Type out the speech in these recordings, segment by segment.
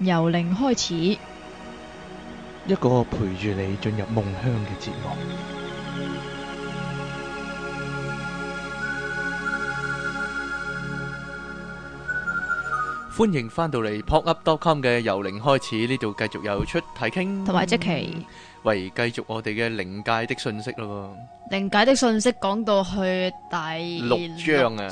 由零開始，一個陪住你進入夢鄉嘅節目。歡迎翻到嚟，popup.com 嘅由零開始，呢度繼續又出睇傾，同埋即期為繼續我哋嘅靈界的訊息咯。靈界的訊息講到去第六章啊，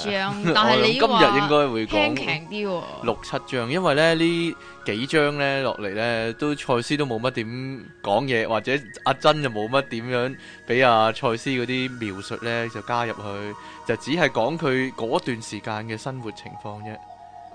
但係你今日應該會講六七章，因為咧呢幾章咧落嚟咧都賽斯都冇乜點講嘢，或者阿珍就冇乜點樣俾阿賽斯嗰啲描述咧就加入去，就只係講佢嗰段時間嘅生活情況啫。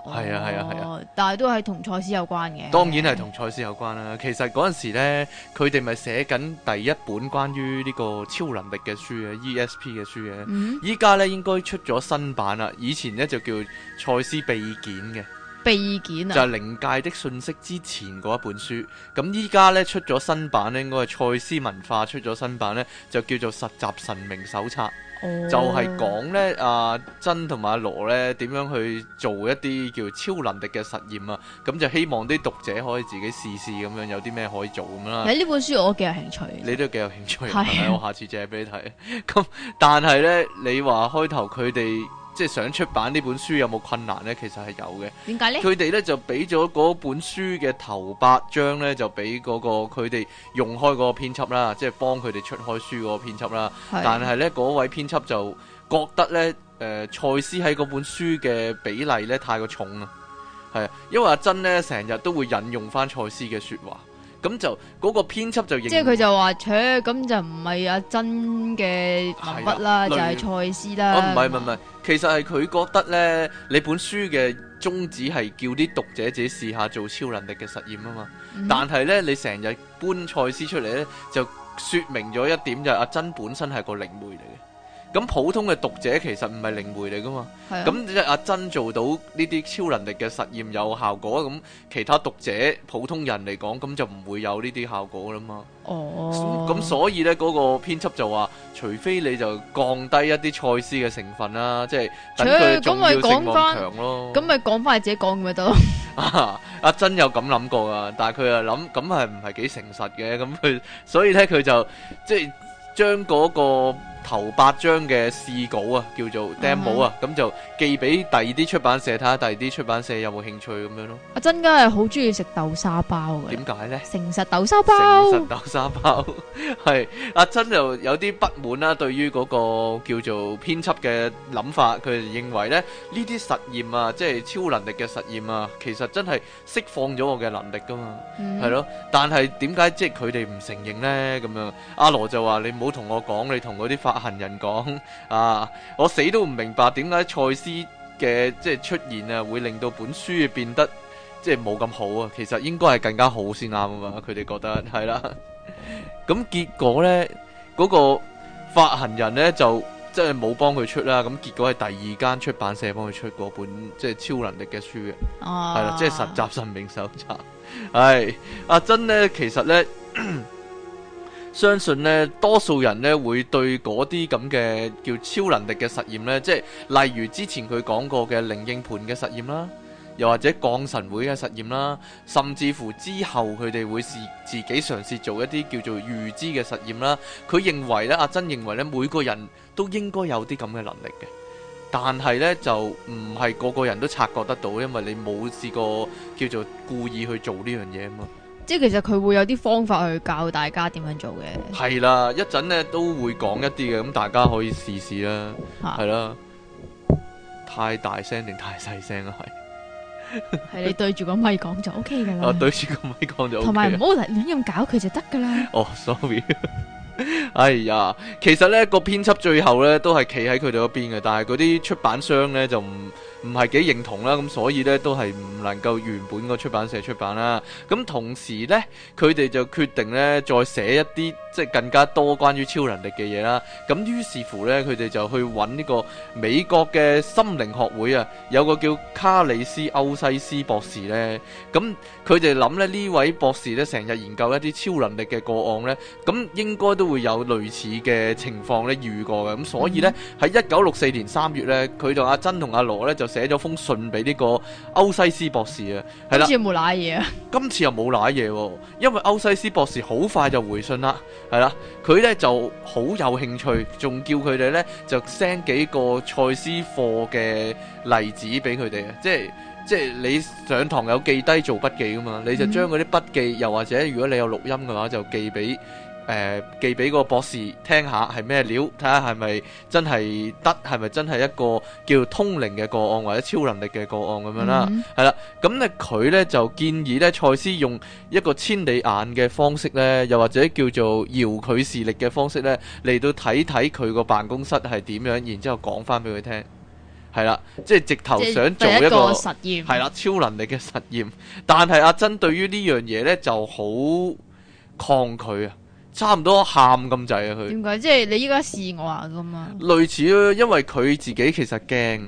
係啊，係啊，係啊，啊啊，但係都係同賽斯有關嘅。當然係同賽斯有關啦。啊、其實嗰陣時咧，佢哋咪寫緊第一本關於呢個超能力嘅書嘅，E.S.P. 嘅書嘅。依家、嗯、呢，應該出咗新版啦。以前呢，就叫秘《賽斯備件》嘅。啊、就係靈界的訊息之前嗰一本書，咁依家呢，出咗新版咧，應該係賽斯文化出咗新版呢，就叫做實習神明手冊。哦、就係講、啊、呢，阿珍同埋阿羅呢，點樣去做一啲叫超能力嘅實驗啊，咁就希望啲讀者可以自己試試咁樣，有啲咩可以做咁啦。誒、嗯，呢本書我幾有興趣，你都幾有興趣，係的我下次借俾你睇。咁 但係呢，你話開頭佢哋。即係想出版呢本書有冇困難呢？其實係有嘅。點解呢？佢哋呢就俾咗嗰本書嘅頭八章呢，就俾嗰個佢哋用開嗰個編輯啦，即係幫佢哋出開書嗰個編輯啦。的但係呢，嗰位編輯就覺得呢，誒、呃、賽斯喺嗰本書嘅比例呢，太過重啊。係，因為阿珍呢，成日都會引用返賽斯嘅説話。咁就、嗰個編輯就認，即係佢就話扯咁就唔係阿珍嘅文筆啦，哎、呦就係賽斯啦。哦，唔係，唔係唔係，其實係佢覺得咧，你本書嘅宗旨係叫啲讀者自己試下做超能力嘅實驗啊嘛。嗯、哼但係咧，你成日搬賽斯出嚟咧，就說明咗一點，就係、是、阿珍本身係個靈媒嚟嘅。咁普通嘅讀者其實唔係靈媒嚟噶嘛，咁阿珍做到呢啲超能力嘅實驗有效果，咁其他讀者普通人嚟講，咁就唔會有呢啲效果啦嘛。哦，咁所以咧嗰、那個編輯就話，除非你就降低一啲賽斯嘅成分啦、啊，即係等佢重要性強咯。咁咪講翻你自己講咪得咯？阿珍有咁諗過噶，但係佢又諗咁係唔係幾誠實嘅？咁佢所以咧佢就即係將嗰、那個。頭八張嘅試稿啊，叫做 demo 啊，咁就寄俾第二啲出版社睇下，第二啲出版社有冇興趣咁樣咯。阿珍家係好中意食豆沙包嘅，點解呢？誠實豆沙包，誠實豆沙包係，阿珍又有啲不滿啦，對於嗰個叫做編輯嘅諗法，佢認為呢呢啲實驗啊，即係超能力嘅實驗啊，其實真係釋放咗我嘅能力噶嘛，係咯。但係點解即係佢哋唔承認呢？咁樣阿羅就話你唔好同我講，你同嗰啲發發行人講啊，我死都唔明白點解賽斯嘅即係出現啊，會令到本書變得即係冇咁好啊。其實應該係更加好先啱啊嘛。佢哋覺得係啦，咁、 嗯、結果呢，嗰、那個發行人呢就即係冇幫佢出啦。咁結果係第二間出版社幫佢出嗰本即係、就是、超能力嘅書嘅，係啦、啊，即係、就是、實習生命手冊。係阿珍呢，其實呢。 相信呢，多數人呢，會對嗰啲咁嘅叫超能力嘅實驗呢，即係例如之前佢講過嘅靈應盤嘅實驗啦，又或者降神會嘅實驗啦，甚至乎之後佢哋會試自己嘗試做一啲叫做預知嘅實驗啦。佢認為呢，阿珍認為呢，每個人都應該有啲咁嘅能力嘅，但係呢，就唔係個個人都察覺得到，因為你冇試過叫做故意去做呢樣嘢啊嘛。即係其實佢會有啲方法去教大家點樣做嘅。係啦，一陣咧都會講一啲嘅，咁大家可以試試啦，係、啊、啦。太大聲定太細聲啊？係 係你對住個咪講就 OK 噶啦。 啊，對住個咪講就同埋唔好嚟，亂咁搞佢就得噶啦。哦、 oh，sorry。 哎呀，其實咧、個編輯最後咧都係企喺佢哋嗰邊嘅，但係嗰啲出版商咧就唔。唔係幾認同啦，咁所以咧都係唔能夠原本個出版社出版啦。咁同時咧，佢哋就決定咧再寫一啲。即係更加多關於超能力嘅嘢啦，咁於是乎呢，佢哋就去揾呢個美國嘅心靈學會啊，有個叫卡里斯歐西斯博士呢。咁佢哋諗呢，呢位博士呢，成日研究一啲超能力嘅個案呢，咁應該都會有類似嘅情況呢遇過嘅，咁所以呢，喺一九六四年三月呢，佢就阿珍同阿羅呢，就寫咗封信俾呢個歐西斯博士啊，係、嗯、啦，好似冇攋嘢，今次又冇攋嘢，因為歐西斯博士好快就回信啦。係啦，佢咧就好有興趣，仲叫佢哋咧就 send 幾個賽斯課嘅例子俾佢哋啊！即係即係你上堂有記低做筆記㗎嘛，你就將嗰啲筆記，又或者如果你有錄音嘅話就記，就寄俾。誒、呃，寄俾個博士聽下係咩料，睇下係咪真係得，係咪真係一個叫通靈嘅個案或者超能力嘅個案咁、mm hmm. 樣啦，係啦，咁咧佢呢就建議咧賽斯用一個千里眼嘅方式呢，又或者叫做遙距視力嘅方式呢，嚟到睇睇佢個辦公室係點樣，然之後講翻俾佢聽，係啦、嗯，即係直頭想做一個,一個實驗，係啦，超能力嘅實驗，但係阿珍對於呢樣嘢呢，就好抗拒啊。差唔多喊咁滯啊！佢點解？即係你依家試我啊嘛？類似咯，因為佢自己其實驚，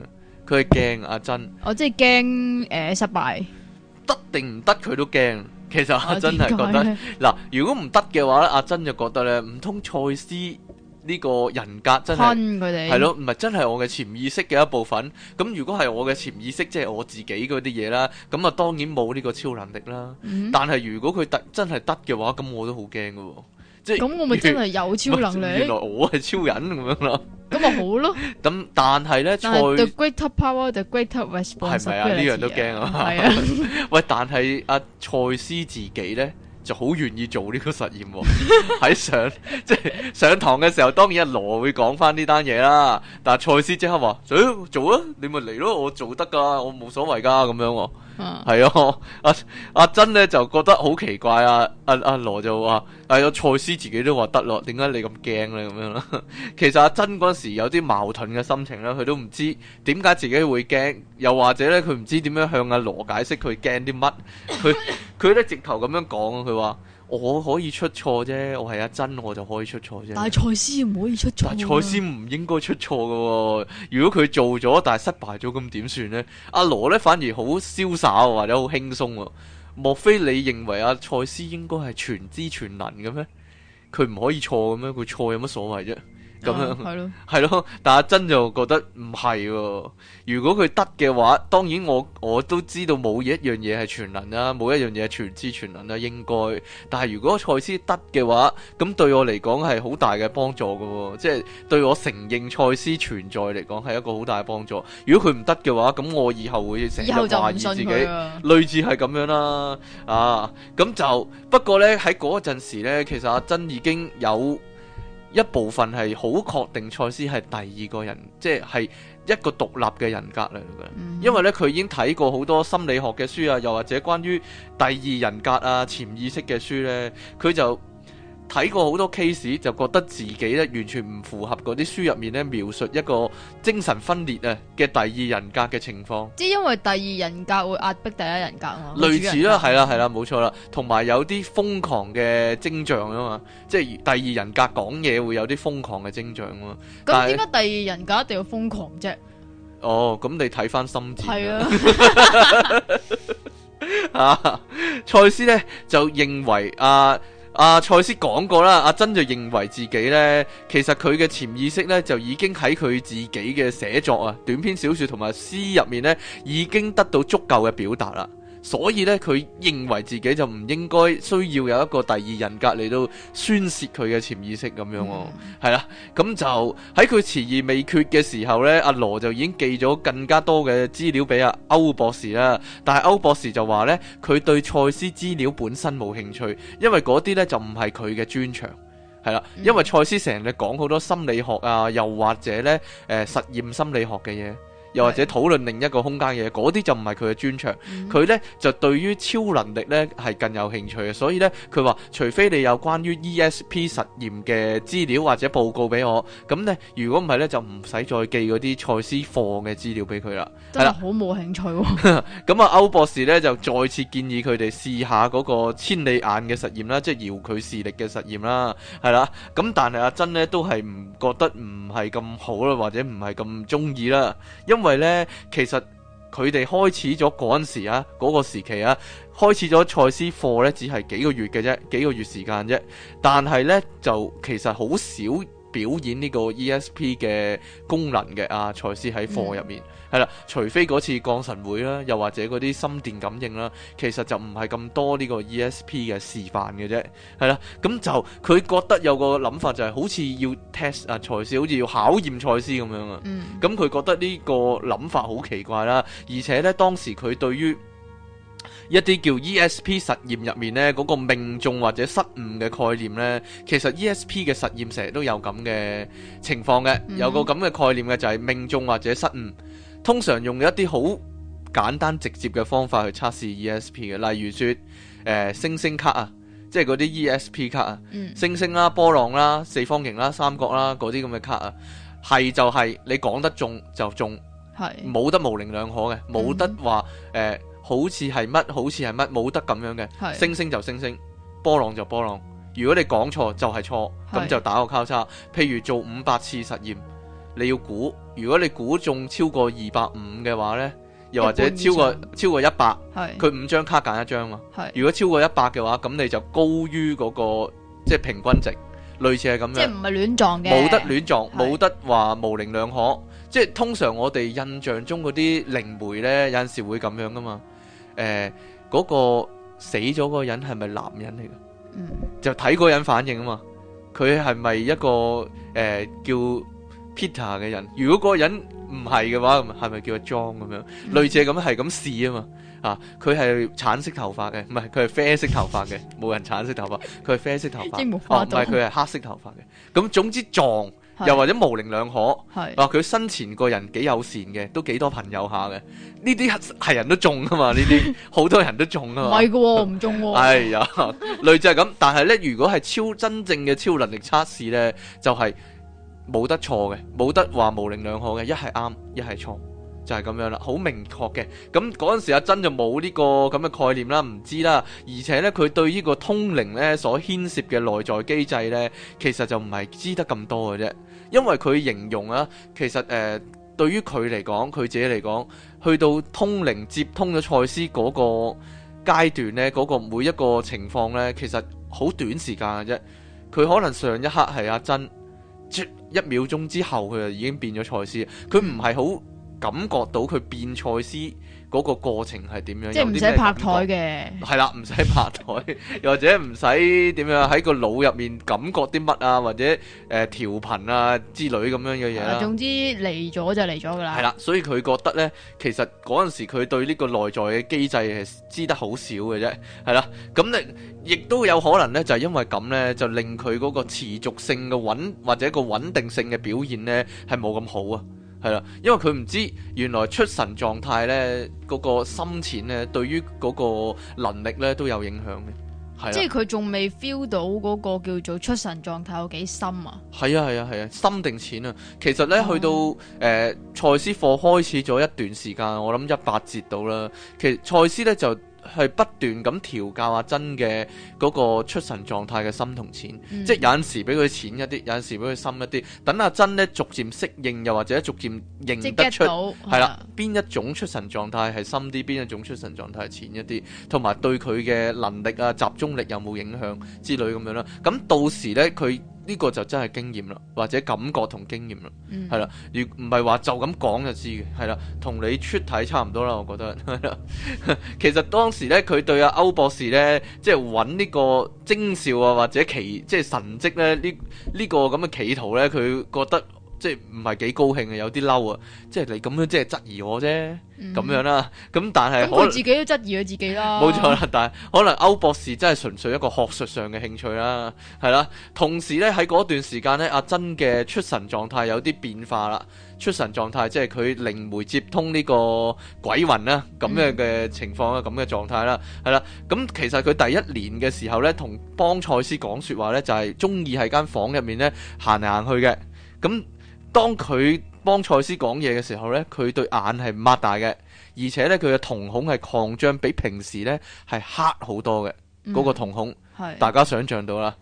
佢係驚阿珍。我即係驚誒失敗，得定唔得佢都驚。其實阿珍係覺得嗱、啊，如果唔得嘅話咧，阿珍就覺得咧，唔通賽斯呢個人格真係，係咯，唔係真係我嘅潛意識嘅一部分。咁如果係我嘅潛意識，即、就、係、是、我自己嗰啲嘢啦，咁啊當然冇呢個超能力啦。嗯、但係如果佢得真係得嘅話，咁我都好驚噶。即咁，我咪真係有超能力。原來我係超人咁 樣咯，咁咪好咯。咁但係咧是塞，the greater power，the greater response 係咪啊？呢樣都驚啊，是啊！ 啊。喂，但係阿賽斯自己咧就好願意做呢個實驗喎、啊。喺 上即係 上堂嘅時候，當然阿羅會講翻呢單嘢啦。但係賽斯即刻話、 欸：，做啊，你咪嚟咯，我做得噶，我冇所謂噶，咁樣啊。係、嗯、 啊，阿阿珍咧就覺得好奇怪啊，阿阿羅就話，係個賽斯自己都話得咯，點解你咁驚咧咁樣啦？其實阿、啊、珍嗰時有啲矛盾嘅心情啦，佢都唔知點解自己會驚，又或者咧佢唔知點樣向阿、啊、羅解釋佢驚啲乜，佢佢咧直頭咁樣講啊，佢話。我可以出錯啫，我係阿珍，我就可以出錯啫。但係賽斯唔可以出錯。賽斯唔應該出錯嘅喎、哦，如果佢做咗但係失敗咗，咁點算呢？阿羅咧反而好瀟灑、哦，或者好輕鬆喎、哦。莫非你認為阿賽斯應該係全知全能嘅咩？佢唔可以錯嘅咩？佢錯有乜所謂啫？咁樣係咯，係咯、哦， 但阿珍就覺得唔係、哦。如果佢得嘅話，當然我我都知道冇一樣嘢係全能啦、啊，冇一樣嘢係全知全能啦、啊，應該。但係如果賽斯得嘅話，咁對我嚟講係好大嘅幫助噶、哦，即、就、係、是、對我承認賽斯存在嚟講係一個好大嘅幫助。如果佢唔得嘅話，咁我以後會成日懷疑自己，類似係咁樣啦。啊，咁就，不，、啊啊、就不過呢，喺嗰陣時呢，其實阿珍已經有。一部分係好確定賽斯係第二個人，即係一個獨立嘅人格嚟嘅，嗯、因為咧佢已經睇過好多心理學嘅書啊，又或者關於第二人格啊、潛意識嘅書咧，佢就，睇過好多 case 就覺得自己咧完全唔符合嗰啲書入面咧描述一個精神分裂啊嘅第二人格嘅情況，即係因為第二人格會壓迫第一人格咯，類似啦，係、嗯啊啊、啦，係啦，冇錯啦，同埋有啲瘋狂嘅徵象啊嘛，即係第二人格講嘢會有啲瘋狂嘅徵象啊嘛，咁點解第二人格一定要瘋狂啫？是哦，咁你睇翻心智係啊， 啊，啊，賽斯咧就認為啊。阿賽斯講過啦，阿、啊、珍就認為自己咧，其實佢嘅潛意識咧，就已經喺佢自己嘅寫作啊、短篇小説同埋詩入面咧，已經得到足夠嘅表達啦。所以咧，佢認為自己就唔應該需要有一個第二人格嚟到宣泄佢嘅潛意識咁樣喎，係啦、mm。咁、hmm，就喺佢遲疑未決嘅時候咧，阿、啊、羅就已經寄咗更加多嘅資料俾阿歐博士啦。但係歐博士就話咧，佢對賽斯資料本身冇興趣，因為嗰啲咧就唔係佢嘅專長，係啦。因為賽斯成日講好多心理學啊，又或者咧誒、呃、實驗心理學嘅嘢。又或者討論另一個空間嘅嗰啲就唔係佢嘅專長，佢、嗯、呢就對於超能力呢係更有興趣嘅，所以呢，佢話除非你有關於 ESP 實驗嘅資料或者報告俾我，咁呢如果唔係呢，就唔使再寄嗰啲賽斯課嘅資料俾佢啦，真係好冇興趣喎、哦。咁啊 歐博士呢就再次建議佢哋試下嗰個千里眼嘅實驗啦，即係遙距視力嘅實驗啦，係啦。咁但係阿珍呢都係唔覺得唔係咁好啦，或者唔係咁中意啦，因因為咧，其實佢哋開始咗嗰陣時啊，嗰個時期啊，開始咗賽斯課咧，只係幾個月嘅啫，幾個月時間啫。但係咧，就其實好少表演呢個 E S P 嘅功能嘅啊，賽斯喺課入面。嗯係啦，除非嗰次降神會啦，又或者嗰啲心電感應啦，其實就唔係咁多呢個 E.S.P 嘅示範嘅啫。係啦，咁就佢覺得有個諗法就係好似要 test 啊賽斯，好似要考驗賽斯咁樣啊。嗯，咁佢覺得呢個諗法好奇怪啦。而且呢，當時佢對於一啲叫 E.S.P 實驗入面呢嗰個命中或者失誤嘅概念呢，其實 E.S.P 嘅實驗成日都有咁嘅情況嘅，有個咁嘅概念嘅就係命中或者失誤。通常用一啲好簡單直接嘅方法去測試 ESP 嘅，例如説誒、呃、星星卡啊，即係嗰啲 ESP 卡啊，嗯、星星啦、啊、波浪啦、啊、四方形啦、啊、三角啦嗰啲咁嘅卡啊，係就係、是、你講得中就中，係冇是得模棱兩可嘅，冇得話誒、嗯呃、好似係乜好似係乜，冇得咁樣嘅，是星星就星星，波浪就波浪。如果你講錯就係錯，咁是就打個交叉。譬如做五百次實驗。你要估，如果你估中超過二百五嘅話咧，又或者超過超過一百是，佢五張卡揀一張嘛。是如果超過一百嘅話，咁你就高於嗰、那個即係平均值，類似係咁樣。即係唔係亂撞嘅？冇得亂撞，冇得話模棱兩可。即係通常我哋印象中嗰啲靈媒咧，有陣時會咁樣噶嘛。誒、呃，嗰、那個死咗嗰個人係咪男人嚟嘅？嗯，就睇嗰人反應啊嘛。佢係咪一個誒、呃、叫、叫 Peter 嘅人，如果嗰個人唔係嘅話，係咪叫佢裝咁樣？嗯、類似係咁係咁試啊嘛，啊佢係橙色頭髮嘅，唔係佢係啡色頭髮嘅，冇 人橙色頭髮，佢係啡色頭髮，唔係佢係黑色頭髮嘅。咁總之撞，是又或者模棱兩可。係啊是，佢生前個人幾友善嘅，都幾多朋友下嘅。呢啲係人都中啊嘛？呢啲好多人都中啊嘛。唔係喎，唔中喎。啊，類似係咁。但係咧，如果係超真正嘅超能力測試咧，就係、是。冇得錯嘅，冇得話模棱兩可嘅，一係啱，一係錯，就係咁樣啦，好明確嘅。咁嗰陣時阿珍就冇呢個咁嘅概念啦，唔知啦。而且呢，佢對呢個通靈呢所牽涉嘅內在機制呢，其實就唔係知得咁多嘅啫。因為佢形容啦，其實誒，對於佢嚟講，佢自己嚟講，去到通靈接通咗賽斯嗰個階段呢，嗰個每一個情況呢，其實好短時間嘅啫。佢可能上一刻係阿珍。一秒鐘之後，佢就已經變咗賽斯。佢唔係好感覺到佢變賽斯。嗰個過程係點樣？即係唔使拍台嘅，係啦，唔使拍台，又 或者唔使點樣喺個腦入面感覺啲乜啊，或者誒、呃、調頻啊之類咁樣嘅嘢啦。總之嚟咗就嚟咗噶啦。係啦，所以佢覺得咧，其實嗰陣時佢對呢個內在嘅機制係知得好少嘅啫，係啦。咁你亦都有可能咧，就係、是、因為咁咧，就令佢嗰個持續性嘅穩或者個穩定性嘅表現咧，係冇咁好啊。係啦，因為佢唔知原來出神狀態咧，嗰、那個深淺咧，對於嗰個能力咧都有影響嘅係。即係佢仲未 feel 到嗰個叫做出神狀態有幾深啊？係啊係啊係啊，深定淺啊？其實咧、嗯、去到誒、呃、賽斯課開始咗一段時間，我諗一百節到啦。其實賽斯咧就。去不斷咁調教阿珍嘅嗰個出神狀態嘅深同淺，嗯、即係有陣時俾佢淺一啲，有陣時俾佢深一啲。等阿珍咧逐漸適應，又或者逐漸認得出係啦，邊一種出神狀態係深啲，邊一種出神狀態係淺一啲，同埋對佢嘅能力啊、集中力有冇影響之類咁樣啦。咁到時咧佢。呢個就真係經驗啦，或者感覺同經驗啦，係啦、嗯，如唔係話就咁講就知嘅，係啦，同你出體差唔多啦，我覺得。 其實當時咧，佢對阿歐博士咧，即係揾呢個徵兆啊，或者奇即係神蹟咧，呢呢、這個咁嘅企圖咧，佢覺得。即係唔係幾高興啊，有啲嬲啊！即係你咁樣即係質疑我啫，咁、嗯、樣啦。咁但係我、嗯、自己都質疑佢自己啦。冇錯啦，但係可能歐博士真係純粹一個學術上嘅興趣啦，係啦。同時咧，喺嗰段時間咧，阿珍嘅出神狀態有啲變化啦。出神狀態即係佢靈媒接通呢個鬼魂啦，咁樣嘅情況啊，咁嘅狀態啦，係啦。咁其實佢第一年嘅時候咧，同邦賽斯講說話咧，就係中意喺間房入面咧行嚟行去嘅，咁。當佢幫賽斯講嘢嘅時候呢，佢對眼係擘大嘅，而且呢，佢嘅瞳孔係擴張，比平時呢係黑好多嘅嗰、嗯、個瞳孔。是大家想象到啦，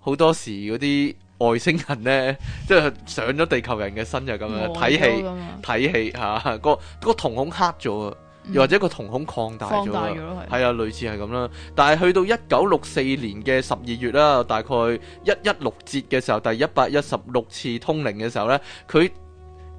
好多時嗰啲外星人呢，即 係上咗地球人嘅身就咁樣睇了戲睇了戲嚇，個、啊嗰個瞳孔黑咗。又或者個瞳孔擴大咗啦，係啊，的類似係咁啦。但係去到一九六四年嘅十二月啦，大概一一六節嘅時候，第一百一十六次通靈嘅時候呢，佢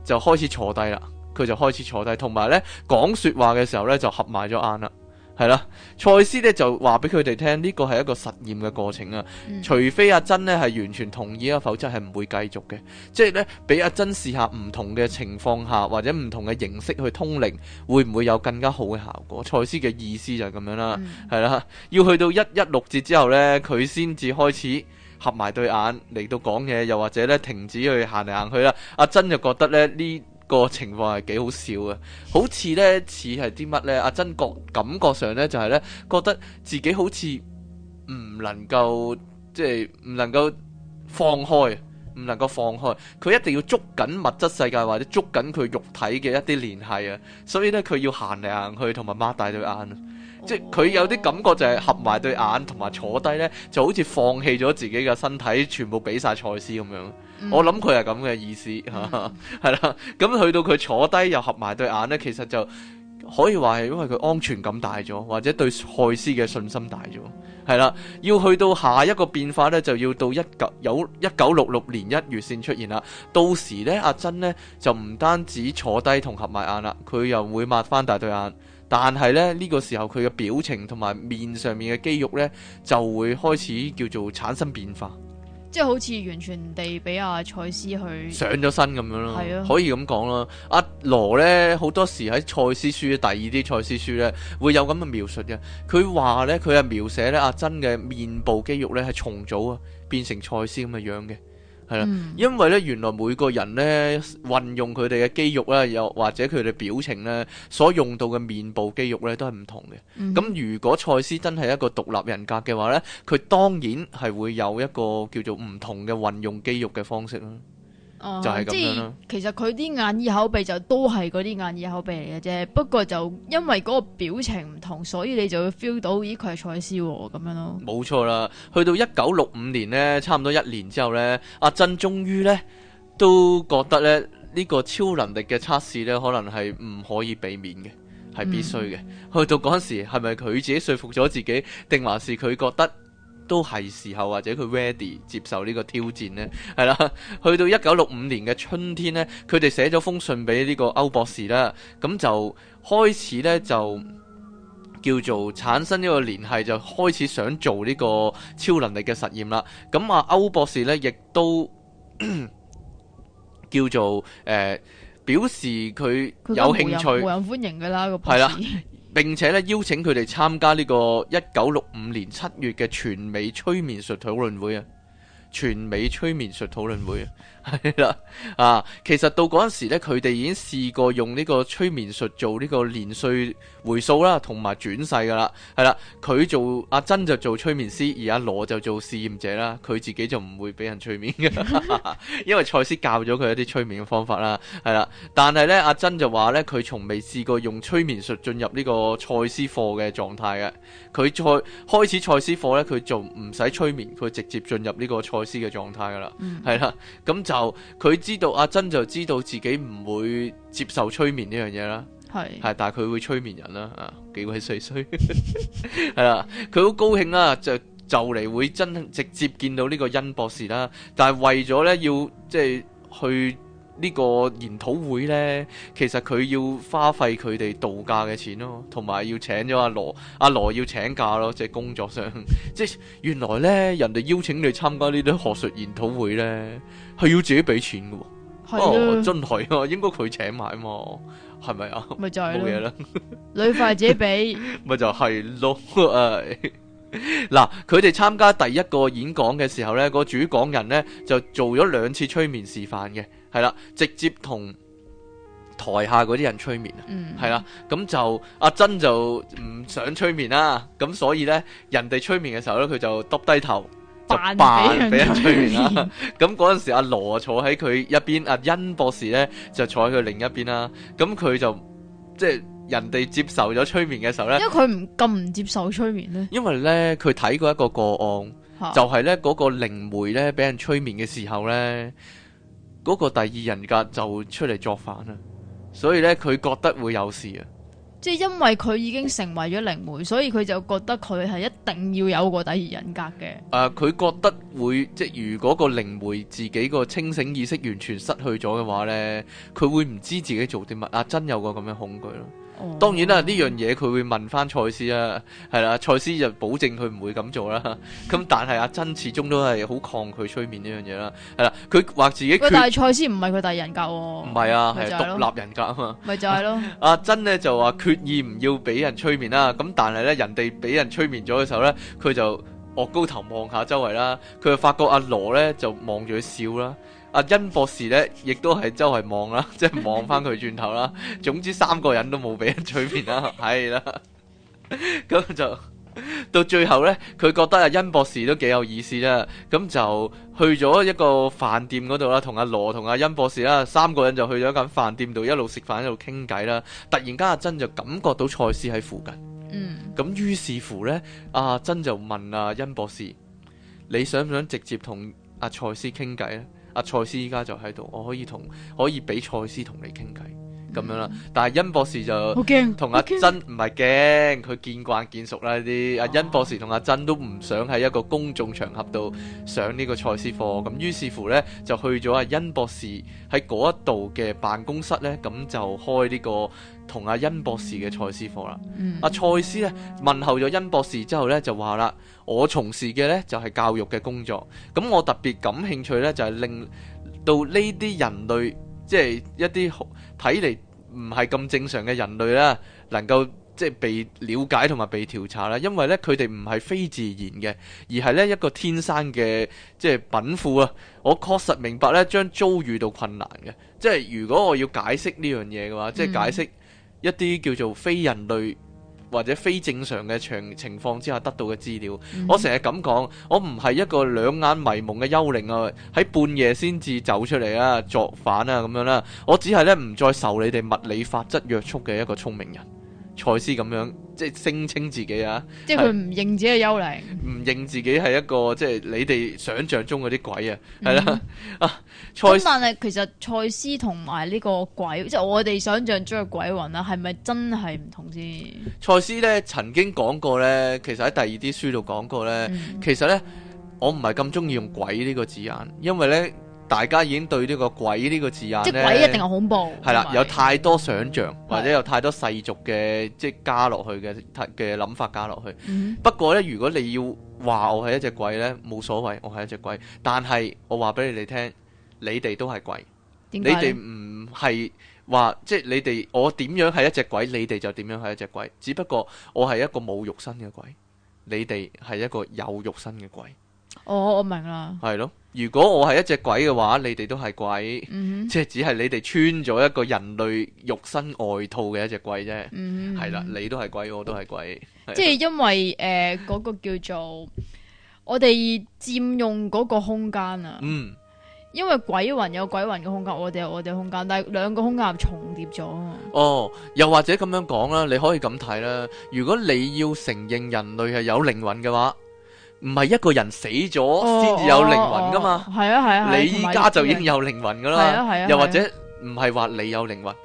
就開始坐低啦，佢就開始坐低，同埋呢講説話嘅時候呢，就合埋咗眼喇。係啦，賽斯咧就話俾佢哋聽，呢個係一個實驗嘅過程啊，嗯、除非阿珍呢係完全同意啊，否則係唔會繼續嘅。即係呢，俾阿珍試下唔同嘅情況下或者唔同嘅形式去通靈，會唔會有更加好嘅效果？賽斯嘅意思就係咁樣啦，係啦、嗯，要去到一一六節之後呢，佢先至開始合埋對眼嚟到講嘢，又或者呢，停止去行嚟行去啦。阿、嗯啊、珍就覺得咧呢。個情況係幾好笑啊。好似呢，似係啲乜呢？阿珍覺感覺上呢，就係、係、呢，覺得自己好似唔能夠即係唔能夠放開，唔能夠放開，佢一定要捉緊物質世界或者捉緊佢肉體嘅一啲聯繫啊！所以呢，佢要行嚟行去，同埋擘大對眼，Oh. 即係佢有啲感覺就係合埋對眼同埋坐低呢，就好似放棄咗自己嘅身體，全部俾晒賽斯咁樣。我諗佢係咁嘅意思，係啦、嗯。咁 去到佢坐低又合埋對眼呢，其實就可以話係因為佢安全感大咗，或者對賽斯嘅信心大咗，係啦。要去到下一個變化呢，就要到一九有一九六六年一月先出現啦。到時呢，阿珍呢就唔單止坐低同合埋眼啦，佢又會擘翻大對眼。但係呢，呢、呢個時候佢嘅表情同埋面上面嘅肌肉呢，就會開始叫做產生變化。即係好似完全地俾阿賽斯去上咗身咁樣咯，啊、可以咁講咯。阿羅咧好多時喺賽斯書第二啲賽斯書咧會有咁嘅描述嘅。佢話咧佢係描寫咧阿珍嘅面部肌肉咧係重組啊，變成賽斯咁嘅樣嘅。係啦，因為咧，原來每個人咧運用佢哋嘅肌肉咧，又或者佢哋表情咧，所用到嘅面部肌肉咧，都係唔同嘅。咁、嗯、哼如果賽斯真係一個獨立人格嘅話咧，佢當然係會有一個叫做唔同嘅運用肌肉嘅方式啦。Uh, 就係咁樣咯，其實佢啲眼耳口鼻就都係嗰啲眼耳口鼻嚟嘅啫，不過就因為嗰個表情唔同，所以你就會 feel 到咦，佢係賽斯咁樣咯。冇錯啦，去到一九六五年呢，差唔多一年之後呢，阿、啊、珍終於呢都覺得咧呢、呢個超能力嘅測試呢，可能係唔可以避免嘅，係必須嘅。嗯、去到嗰陣時，係咪佢自己說服咗自己，定還是佢覺得？都係時候或者佢 ready 接受呢個挑戰呢，係啦，去到一九六五年嘅春天呢，佢哋寫咗封信俾呢個歐博士啦，咁就開始呢，就叫做產生一個聯繫，就開始想做呢個超能力嘅實驗啦。咁啊，歐博士呢，亦都叫做誒、呃、表示佢有興趣，人人歡迎嘅啦，個博士。並且咧邀請佢哋參加呢個一九六五年七月嘅全美催眠術討論會啊。全美催眠術討論會啊。係啦，啊，其實到嗰陣時咧，佢哋已經試過用呢個催眠術做呢個年歲回數啦，同埋轉世噶啦，係啦。佢做阿珍就做催眠師，而阿羅就做試驗者啦。佢自己就唔會俾人催眠嘅， 因為賽斯教咗佢一啲催眠嘅方法啦，係啦。但係咧，阿珍就話咧，佢從未試過用催眠術進入呢個賽斯課嘅狀態嘅。佢再開始賽斯課咧，佢就唔使催眠，佢直接進入呢個賽斯嘅狀態噶啦，係啦、嗯。咁就。佢知道，阿珍就知道自己唔會接受催眠呢樣嘢啦，係係是，但係佢會催眠人啦，啊，幾鬼衰衰，係啦，佢好高興啦，就就嚟會真直接見到呢個殷博士啦，但係為咗咧要即係去。呢個研討會咧，其實佢要花費佢哋度假嘅錢咯，同埋要請咗阿羅阿羅要請假咯，即係工作上即係原來咧，人哋邀請你參加呢啲學術研討會咧，係要自己俾錢嘅。哦，啊，真係啊，應該佢請埋啊嘛，係咪啊？咪就係冇嘢啦，旅費自己俾咪就係咯。誒嗱，佢哋參加第一個演講嘅時候咧，個主講人咧就做咗兩次催眠示範嘅。係啦，直接同台下嗰啲人催眠啊，係啦、嗯，咁就阿珍就唔想催眠啦，咁所以咧，人哋催眠嘅時候咧，佢就耷低頭，扮俾人催眠啦。咁嗰陣時，阿羅，阿羅坐喺佢一邊，阿恩博士咧就坐喺佢另一邊啦。咁佢就即係、就是、人哋接受咗催眠嘅時候咧，因為佢唔咁唔接受催眠咧，因為咧佢睇過一個個案， 就係咧嗰個靈媒咧俾人催眠嘅時候咧。嗰個第二人格就出嚟作反啦，所以呢，佢覺得會有事啊！即係因為佢已經成為咗靈媒，所以佢就覺得佢係一定要有個第二人格嘅。誒、啊，佢覺得會即如果個靈媒自己個清醒意識完全失去咗嘅話呢，佢會唔知自己做啲乜啊！真有個咁嘅恐懼咯～當然、啊、啦，呢樣嘢佢會問翻賽斯啊，係啦，賽斯就保證佢唔會咁做啦。咁但係阿珍始終都係好抗拒催眠呢樣嘢啦，係啦，佢話自己決，但係賽斯唔係佢第二人格喎，唔係啊，係、啊、獨立人格啊嘛，咪就係咯、啊。阿珍咧就話決意唔要俾人催眠啦。咁但係咧人哋俾人催眠咗嘅時候咧，佢就昂高頭望下周圍啦，佢就發覺阿羅咧就望住佢笑啦。阿恩、啊、博士咧，亦都係周圍望啦，即係望翻佢轉頭啦。 總之三個人都冇俾人催眠啦，係啦。咁 就 到最後咧，佢覺得阿、啊、恩博士都幾有意思啦。咁就去咗一個飯店嗰度啦，同阿羅同阿恩博士啦，三個人就去咗一間飯店度一路食飯一路傾偈啦。突然間阿珍就感覺到賽斯喺附近，咁於、嗯、是乎咧，阿、啊、珍就問阿、啊、恩博士：你想唔想直接同阿賽斯傾偈咧？阿賽斯依家就喺度，我可以同可以俾賽斯同你傾偈咁樣啦。但係殷博士就好驚，同阿珍唔係驚，佢見慣見熟啦啲。阿殷、啊、博士同阿珍都唔想喺一個公眾場合度上呢個賽斯課，咁、嗯、於是乎呢，就去咗阿殷博士喺嗰一度嘅辦公室呢，咁就開呢個同阿殷博士嘅賽斯課啦。阿、嗯啊、賽斯呢，問候咗殷博士之後呢，就話啦。我從事嘅呢，就係教育嘅工作，咁我特別感興趣呢，就係令到呢啲人類，即係一啲睇嚟唔係咁正常嘅人類啦，能夠即係被了解同埋被調查啦。因為呢，佢哋唔係非自然嘅，而係呢一個天生嘅即係品富啊稟賦。我確實明白呢，將遭遇到困難嘅，即係如果我要解釋呢樣嘢嘅話，嗯、即係解釋一啲叫做非人類。或者非正常嘅情情況之下得到嘅資料，mm hmm. 我成日咁講，我唔係一個兩眼迷蒙嘅幽靈啊，喺半夜先至走出嚟啊，作反啊，咁樣啦，我只係呢，唔再受你哋物理法則約束嘅一個聰明人。賽斯咁樣，即係聲稱自己啊，即係佢唔認自己係幽靈，唔認自己係一個即係你哋想象中嗰啲鬼啊，係啦啊。咁 蔡但係其實賽斯同埋呢個鬼，即係我哋想象中嘅鬼魂啊，係咪真係唔同先？賽斯咧曾經講過咧，其實喺第二啲書度講過咧，嗯、其實咧我唔係咁中意用鬼呢個字眼，因為咧。大家已經對呢個鬼呢個字眼，即鬼一定係恐怖。係啦的，的有太多想象，是的 或者有太多世俗嘅即係加落去嘅嘅諗法加落去。嗯、不過呢，如果你要話我係一隻鬼呢，冇所謂，我係一隻鬼。但係我話俾你哋聽，你哋都係鬼、鬼。你哋唔係話即係你哋我點樣係一隻鬼，你哋就點樣係一隻鬼。只不過我係一個冇肉身嘅鬼，你哋係一個有肉身嘅鬼。哦，我明啦。係咯。如果我係一隻鬼嘅話，你哋都係鬼，即係只係你哋穿咗一個人類肉身外套嘅一隻鬼啫，係啦，你都係鬼，我都係鬼，即係因為誒嗰個叫做我哋佔用嗰個空間啊，嗯，因為鬼魂有鬼魂嘅空間，我哋有我哋嘅空間，但係兩個空間重疊咗啊。哦，又或者咁樣講啦，你可以咁睇啦。如果你要承認人類係有靈魂嘅話，唔係一個人死咗先至有靈魂噶嘛？係啊係啊，哦哦、對對對，你依家就已經有靈魂噶啦。對對對，又或者唔係話你有靈魂，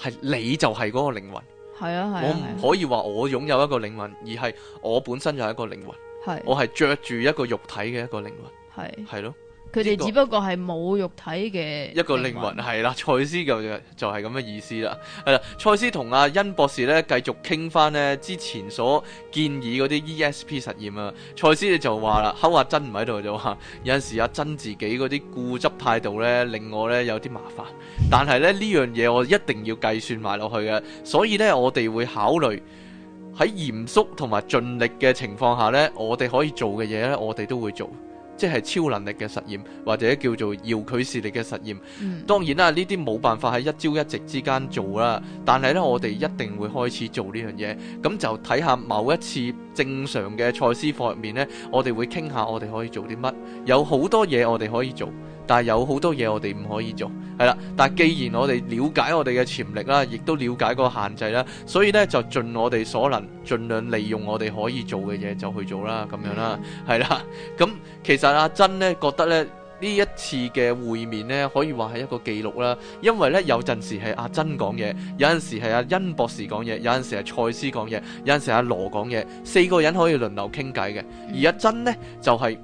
係你就係嗰個靈魂。係啊係，我唔可以話我擁有一個靈魂，而係我本身就係一個靈魂。係，對我係着住一個肉體嘅一個靈魂。係，係咯。佢哋只不過係冇肉體嘅一個靈魂，係啦。蔡司就就係咁嘅意思啦。係啦，蔡司同阿恩博士咧，繼續傾翻咧之前所建議嗰啲 ESP 實驗啊。蔡司就話啦，口阿珍唔喺度就話，有陣時阿珍自己嗰啲固執態度咧，令我咧有啲麻煩。但係咧呢樣嘢我一定要計算埋落去嘅，所以咧我哋會考慮喺嚴肅同埋盡力嘅情況下咧，我哋可以做嘅嘢咧，我哋都會做。即係超能力嘅實驗，或者叫做遙距視力嘅實驗。嗯、當然啦，呢啲冇辦法喺一朝一夕之間做啦。但係呢，我哋一定會開始做呢樣嘢。咁就睇下某一次正常嘅賽斯課入面呢，我哋會傾下我哋可以做啲乜。有好多嘢我哋可以做。但係有好多嘢我哋唔可以做，係啦。但係既然我哋了解我哋嘅潛力啦，亦都了解個限制啦，所以咧就盡我哋所能，盡量利用我哋可以做嘅嘢就去做啦，咁樣啦，係啦。咁其實阿珍咧覺得咧呢一次嘅會面咧可以話係一個記錄啦，因為咧有陣時係阿珍講嘢，有陣時係阿恩博士講嘢，有陣時係賽斯講嘢，有陣時係阿羅講嘢，四個人可以輪流傾偈嘅，而阿珍呢，就係、是。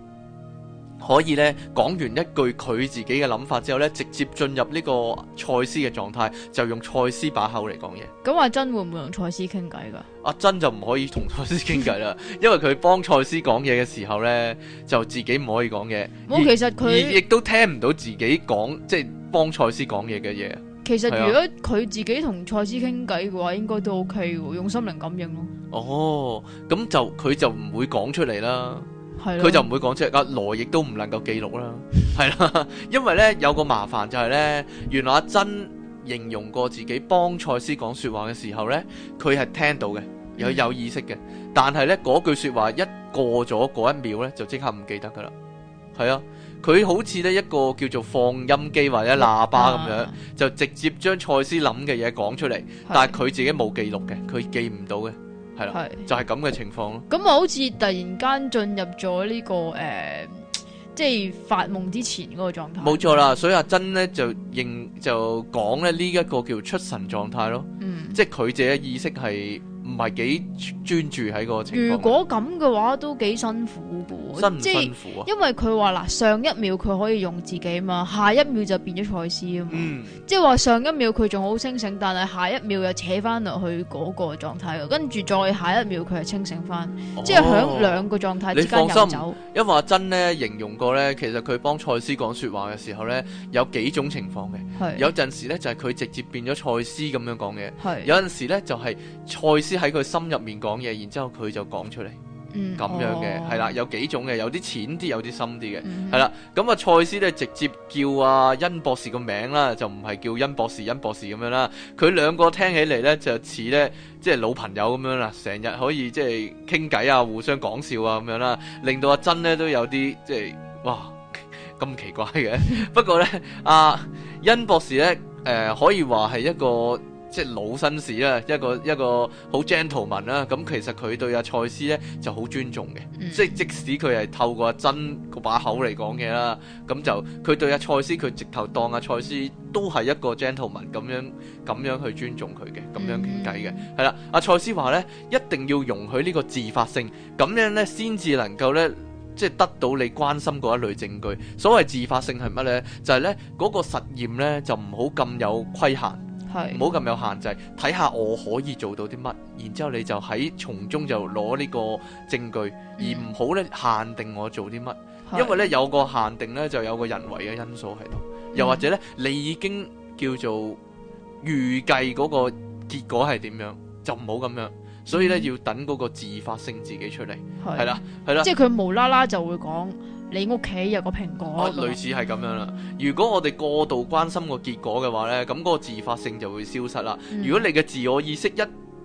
可以咧，講完一句佢自己嘅諗法之後咧，直接進入呢個賽斯嘅狀態，就用賽斯把口嚟講嘢。咁阿珍會唔會同賽斯傾偈噶？阿珍就唔可以同賽斯傾偈啦， 因為佢幫賽斯講嘢嘅時候咧，就自己唔可以講嘢。冇哇，而其實佢亦都聽唔到自己講，即係幫賽斯講嘢嘅嘢。其實如果佢自己同賽斯傾偈嘅話應該，應該都 O K 用心靈感應咯。哦，咁就佢就唔會講出嚟啦。嗯佢 就唔會講出阿羅亦都唔能夠記錄啦，係啦，因為呢，有個麻煩就係呢，原來阿珍形容過自己幫賽斯講說話嘅時候呢，佢係聽到嘅，有有意識嘅，但係呢，嗰句說話一過咗嗰一秒呢，就即刻唔記得噶啦，係啊，佢好似呢一個叫做放音機或者喇叭咁樣，啊、就直接將賽斯諗嘅嘢講出嚟，的但係佢自己冇記錄嘅，佢記唔到嘅。係，就係咁嘅情況咯。咁啊，好似突然間進入咗呢、這個誒、呃，即係發夢之前嗰個狀態。冇錯啦，所以阿珍咧就認就講咧呢一個叫出神狀態咯。嗯，即係佢自己嘅意識係。唔係幾專注喺個情況。如果咁嘅話都幾辛苦嘅。辛苦啊？因為佢話嗱，上一秒佢可以用自己啊嘛，下一秒就變咗賽斯啊嘛。嗯、即係話上一秒佢仲好清醒，但係下一秒又扯翻落去嗰個狀態。跟住再下一秒佢係清醒翻，哦、即係響兩個狀態之間遊走。因為阿珍咧形容過咧，其實佢幫賽斯講說話嘅時候咧，有幾種情況嘅。係是有陣時咧就係佢直接變咗賽斯咁樣講嘅。係是是有陣時咧就係。賽斯。喺佢心入面講嘢，然之後佢就講出嚟。咁、嗯、樣嘅係啦，有幾種嘅，有啲淺啲，有啲深啲嘅，係啦、嗯。咁啊，賽斯咧直接叫阿、啊、恩博士個名啦，就唔係叫恩博士、恩博士咁樣啦。佢兩個聽起嚟咧就似咧，即係老朋友咁樣啦，成日可以即係傾偈啊，互相講笑啊咁樣啦，令到阿珍咧都有啲即係哇咁 奇怪嘅。 不過咧阿恩博士咧誒、呃呃呃，可以話係一個。即係老紳士啦，一個一個好 gentleman 啦。咁其實佢對阿賽斯咧就好尊重嘅，即係、嗯、即使佢係透過阿珍個把口嚟講嘢啦，咁、嗯、就佢對阿賽斯，佢直頭當阿賽斯都係一個 gentleman 咁樣咁樣去尊重佢嘅，咁樣傾偈嘅。係啦、嗯，阿賽斯話咧，一定要容許呢個自發性，咁樣咧先至能夠咧，即係得到你關心嗰一類證據。所謂自發性係乜咧？就係咧嗰個實驗咧就唔好咁有規限。係、唔好咁有限制，睇下我可以做到啲乜，然之後你就喺從中就攞呢個證據，嗯、而唔好咧限定我做啲乜，是因為咧有個限定咧就有個人為嘅因素喺度，又或者咧、嗯、你已經叫做預計嗰個結果係點樣，就唔好咁樣，所以咧、嗯、要等嗰個自發性自己出嚟，係啦，係啦，即係佢無啦啦就會講。你屋企有個蘋果，類似係咁樣啦。如果我哋過度關心個結果嘅話呢，咁嗰個自發性就會消失啦。嗯、如果你嘅自我意識一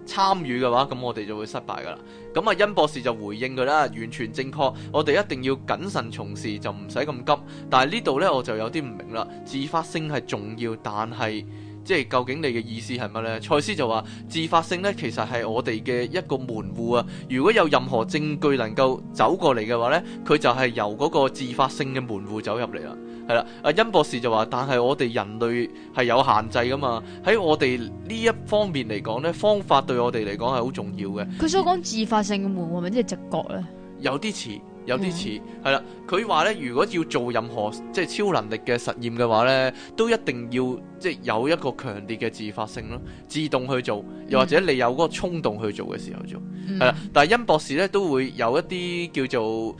參與嘅話，咁我哋就會失敗噶啦。咁啊，恩博士就回應佢啦，完全正確。我哋一定要謹慎從事，就唔使咁急。但係呢度呢，我就有啲唔明啦。自發性係重要，但係。即係究竟你嘅意思係乜呢？賽斯就話自發性咧，其實係我哋嘅一個門戶啊。如果有任何證據能夠走過嚟嘅話咧，佢就係由嗰個自發性嘅門戶走入嚟啦。係啦，阿恩博士就話，但係我哋人類係有限制噶嘛。喺我哋呢一方面嚟講咧，方法對我哋嚟講係好重要嘅。佢所講自發性嘅門戶，係咪即係直覺咧？有啲似。有啲似，係啦。佢話咧，如果要做任何即係超能力嘅實驗嘅話咧，都一定要即係有一個強烈嘅自發性咯，自動去做，又或者你有嗰個衝動去做嘅時候做，係啦、嗯。但係殷博士咧都會有一啲叫做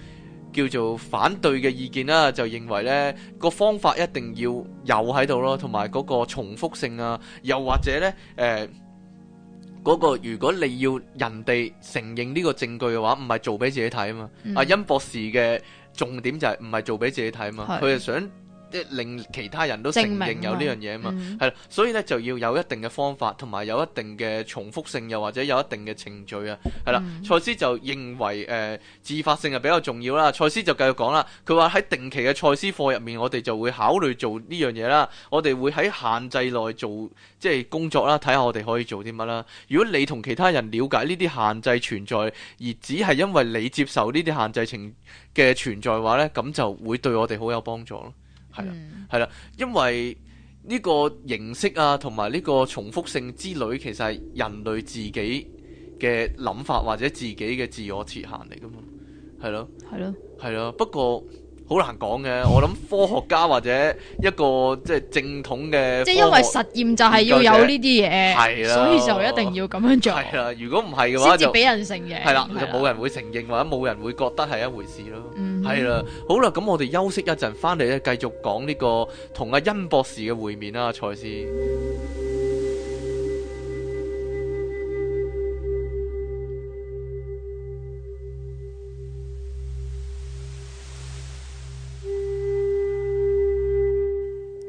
叫做反對嘅意見啦，就認為咧，個方法一定要有喺度咯，同埋嗰個重複性啊，又或者咧誒。呃嗰個如果你要人哋承認呢個證據嘅話，唔係做俾自己睇啊嘛。阿恩、嗯啊、博士嘅重點就係唔係做俾自己睇啊嘛，佢係是想。令其他人都承認有呢樣嘢啊嘛，係啦、嗯，所以咧就要有一定嘅方法，同埋有一定嘅重複性，又或者有一定嘅程序啊，係啦。賽、嗯、斯就認為誒、呃、自發性係比較重要啦。賽斯就繼續講啦，佢話喺定期嘅賽斯課入面，我哋就會考慮做呢樣嘢啦。我哋會喺限制內做即係工作啦，睇下我哋可以做啲乜啦。如果你同其他人了解呢啲限制存在，而只係因為你接受呢啲限制情嘅存在話咧，咁就會對我哋好有幫助咯。係啦，係啦，因為呢個形式啊，同埋呢個重複性之旅，其實係人類自己嘅諗法或者自己嘅自我設限嚟㗎嘛，係咯，係咯的，係咯，不過。好難講嘅，我諗科學家或者一個即係正統嘅，即係因為實驗就係要有呢啲嘢，了所以就一定要咁樣做。係啦，如果唔係嘅話，先至俾人承認。係啦，就冇人會承認或者冇人會覺得係一回事咯。係啦、嗯哼，好啦，咁我哋休息一陣，翻嚟，咧繼續講呢個同阿恩博士嘅會面啦，賽斯。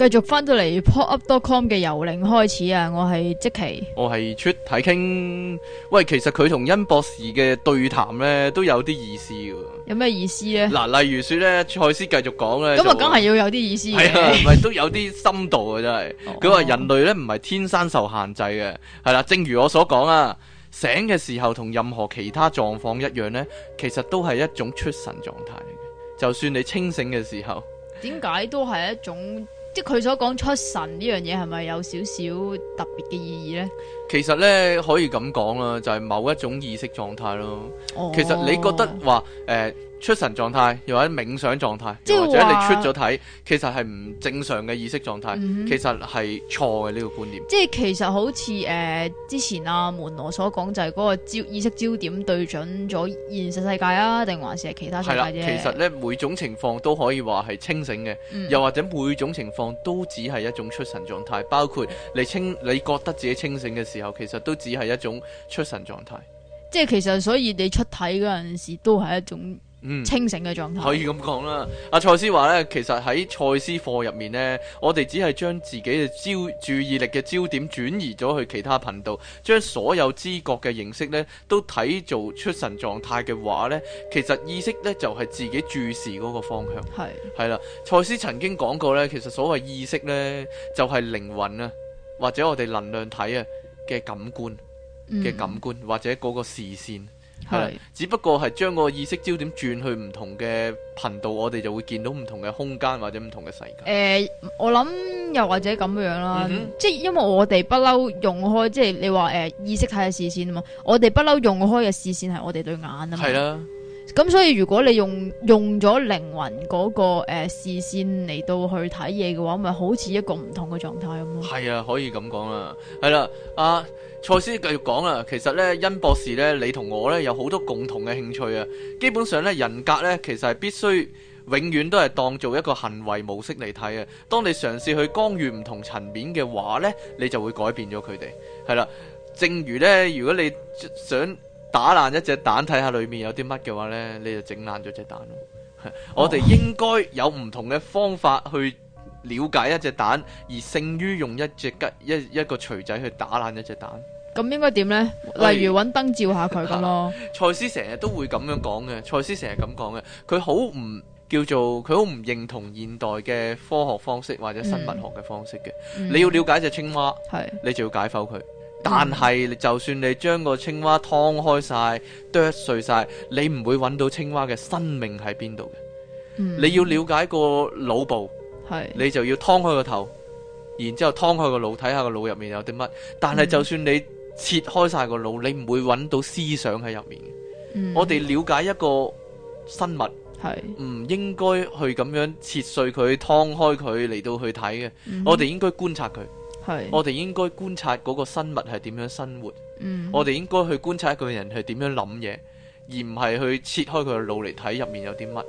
繼續翻到嚟 popup.com 嘅游領開始啊，我係即期，我係出嚟傾。喂，其實佢同殷博士嘅對談咧都有啲意思嘅。有咩意思咧？嗱、啊，例如說咧，賽斯繼續講咧，咁啊，梗係要有啲意思嘅，係咪都有啲深度啊？真係。佢話 人類咧唔係天生受限制嘅，係啦、啊，正如我所講啊，醒嘅時候同任何其他狀況一樣咧，其實都係一種出神狀態嚟嘅，就算你清醒嘅時候，點解都係一種？即係佢所講出神呢樣嘢係咪有少少特別嘅意義咧？其實咧可以咁講啦，就係、是、某一種意識狀態咯。哦、其實你覺得話誒？呃出神狀態，又或者冥想狀態，或者你出咗體，其實係唔正常嘅意識狀態，嗯、哼其實係錯嘅呢、這個觀念。即係其實好似誒、呃、之前阿、啊、門羅所講，就係嗰個焦意識焦點對準咗現實世界啊，定還是係其他世界。其實呢，每種情況都可以話係清醒嘅，嗯、又或者每種情況都只係一種出神狀態，包括你清你覺得自己清醒嘅時候，其實都只係一種出神狀態。即係、嗯、其實所以你出體嗰陣時都係一種。清醒嘅狀態可以咁講啦。阿、 就是、賽斯話呢，其實喺賽斯課入面呢，我哋只係將自己嘅焦注意力嘅焦點轉移咗去其他頻道，將所有知覺嘅認識呢都睇做出神狀態嘅話呢，其實意識呢就係、是、自己注視嗰個方向。係係啦，賽斯曾經講過呢，其實所謂意識呢，就係、是、靈魂啊，或者我哋能量體啊嘅感官嘅、嗯、感官，或者嗰個視線。係，只不過係將個意識焦點轉去唔同嘅頻道，我哋就會見到唔同嘅空間或者唔同嘅世界。誒、欸，我諗又或者咁樣啦，嗯、哼即係因為我哋不嬲用開，即係你話誒、欸、意識睇下視線啊嘛，我哋不嬲用開嘅視線係我哋對眼啊嘛。係啦。咁所以如果你用用咗靈魂嗰、那個誒、呃、視線嚟到去睇嘢嘅話，咪好似一個唔同嘅狀態咁咯。係啊，可以咁講啦。係啦，阿蔡師繼續講啦。其實咧，恩博士咧，你同我咧有好多共同嘅興趣啊。基本上咧，人格咧其實係必須永遠都係當做一個行為模式嚟睇啊。當你嘗試去干預唔同層面嘅話咧，你就會改變咗佢哋。係啦，正如咧，如果你想，打爛一隻蛋睇下裏面有啲乜嘅話呢，你就整爛咗隻蛋咯。 我哋應該有唔同嘅方法去了解一隻蛋，而勝於用一隻吉一一,一個錘仔去打爛一隻蛋。咁應該點呢？是例如揾燈照下佢咯的的。賽斯成日都會咁樣講嘅，賽斯成日咁講嘅，佢好唔叫做佢好唔認同現代嘅科學方式或者生物學嘅方式嘅。嗯嗯、你要了解隻青蛙，係你就要解剖佢。但係，就算你將個青蛙劏開晒、剁碎晒，你唔會揾到青蛙嘅生命喺邊度嘅。嗯、你要了解個腦部，是你就要劏開個頭，然之後劏開個腦，睇下個腦入面有啲乜。但係，就算你切開晒個腦，嗯、你唔會揾到思想喺入面。嗯、我哋了解一個生物，係唔是應該去咁樣切碎佢、劏開佢嚟到去睇嘅。嗯、我哋應該觀察佢。是我哋應該觀察嗰個生物係點樣生活，嗯、我哋應該去觀察一個人係點樣諗嘢，而唔係去切開佢嘅腦嚟睇入面有啲乜，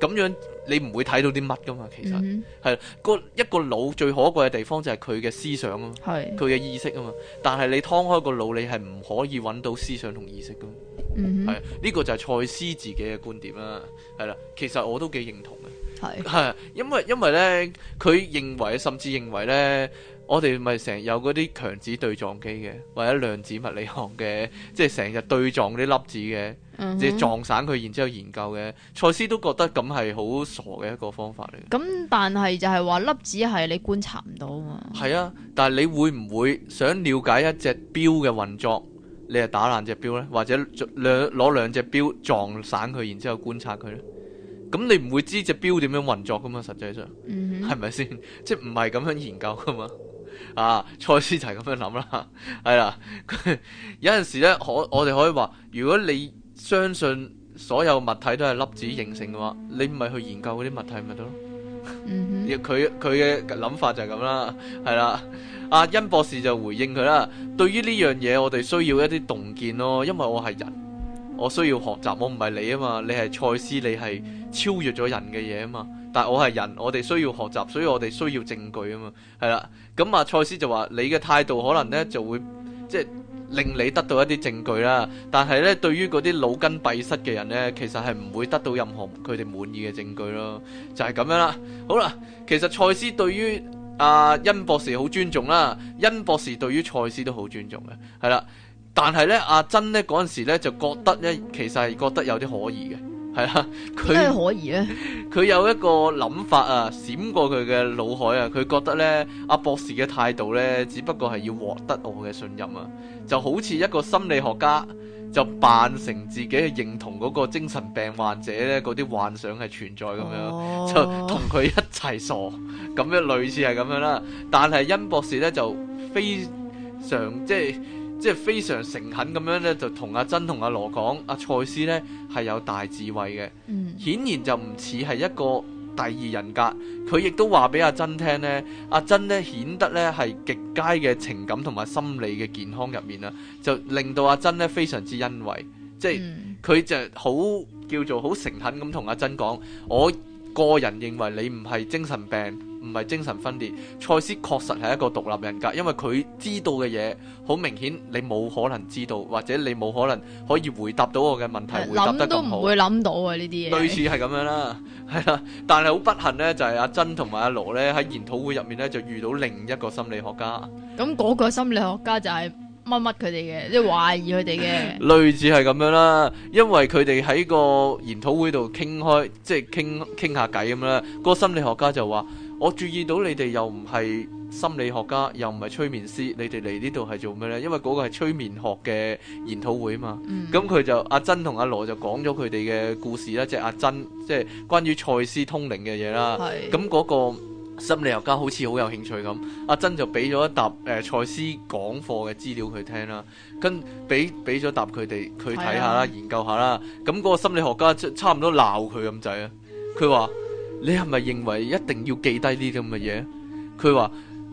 咁樣你唔會睇到啲乜噶嘛。其實係、嗯、哼一個腦最可貴嘅地方就係佢嘅思想啊，佢嘅是意識啊嘛。但係你劏開個腦，你係唔可以揾到思想同意識噶。係呢、嗯哼這個就係賽斯自己嘅觀點啦。係啦，其實我都幾認同嘅。係的，因為因為呢，佢認為甚至認為呢。我哋咪成日有嗰啲強子對撞機嘅，或者量子物理學嘅，即係成日對撞啲粒子嘅，即係、嗯、哼撞散佢，然之後研究嘅。賽斯都覺得咁係好傻嘅一個方法嚟。咁、嗯、但係就係話粒子係你觀察唔到啊嘛。係啊，但係你會唔會想了解一隻錶嘅運作，你係打爛隻錶咧，或者兩攞兩隻錶撞散佢，然之後觀察佢咧？咁你唔會知隻錶點樣運作噶嘛？實際上，係咪先？是吧 即係唔係咁樣研究噶嘛？啊，賽斯就係咁樣諗啦，係啦，有陣時咧，我我哋可以話，如果你相信所有物體都係粒子形成嘅話，你唔係去研究嗰啲物體咪得咯。嗯哼。佢佢嘅諗法就係咁啦，係啦，阿、啊、恩博士就回應佢啦。對於呢樣嘢，我哋需要一啲洞見咯，因為我係人，我需要學習，我唔係你啊嘛，你係賽斯，你係超越咗人嘅嘢啊嘛。但我係人，我哋需要學習，所以我哋需要證據啊嘛，係啦。咁啊，賽斯就話：你嘅態度可能呢就會即、就是、令你得到一啲證據啦。但係呢，對於嗰啲腦筋閉塞嘅人呢，其實係唔會得到任何佢哋滿意嘅證據咯。就係、是、咁樣啦。好啦，其實賽斯對於阿恩博士好尊重啦，恩博士對於賽斯都好尊重嘅，係啦。但係呢，阿、啊、珍呢嗰陣時呢就覺得呢，其實係覺得有啲可疑嘅。係啊，佢真可以咧。佢有一個諗法啊，閃過佢嘅腦海啊，佢覺得呢，阿博士嘅態度呢，只不過係要獲得我嘅信任啊，就好似一個心理學家就扮成自己認同嗰個精神病患者呢，嗰啲幻想係存在咁、啊、樣，就同佢一齊傻，咁樣類似係咁樣啦。但係恩博士呢，就非常即係。即係非常誠懇咁樣咧，就同阿珍同阿羅講，阿賽斯呢係有大智慧嘅，顯然就唔似係一個第二人格。佢亦都話俾阿珍聽，呢阿珍呢顯得呢係極佳嘅情感同埋心理嘅健康入面啦，就令到阿珍呢非常之欣慰。即係佢就好叫做好誠懇咁同阿珍講，我個人認為你唔係精神病。唔係精神分裂，賽斯確實係一個獨立人格，因為佢知道嘅嘢好明顯，你冇可能知道，或者你冇可能可以回答到我嘅問題，回答得咁好。諗都唔會諗到啊！呢啲嘢類似係咁樣啦，係啦， 但係好不幸咧，就係、是、阿珍同埋阿羅咧喺研討會入面咧就遇到另一個心理學家。咁嗰個心理學家就係乜乜佢哋嘅，即係懷疑佢哋嘅類似係咁樣啦，因為佢哋喺個研討會度傾開，即係傾傾下偈咁啦。嗰個心理學家就話。我注意到你哋又唔係心理學家，又唔係催眠師，你哋嚟呢度係做咩呢？因為嗰個係催眠學嘅研討會嘛。咁佢、mm hmm. 就阿珍同阿羅就講咗佢哋嘅故事啦，即、就、係、是、阿珍即係、就是、關於賽斯通靈嘅嘢啦。咁嗰、mm hmm. 個心理學家好似好有興趣咁，阿珍就俾咗一沓誒賽斯講課嘅資料佢聽啦，跟俾俾咗沓佢哋佢睇下啦，研究下啦。咁、hmm. 嗰個心理學家差唔多鬧佢咁滯啊，佢話。你係咪認為一定要記低呢啲咁嘅嘢？佢話：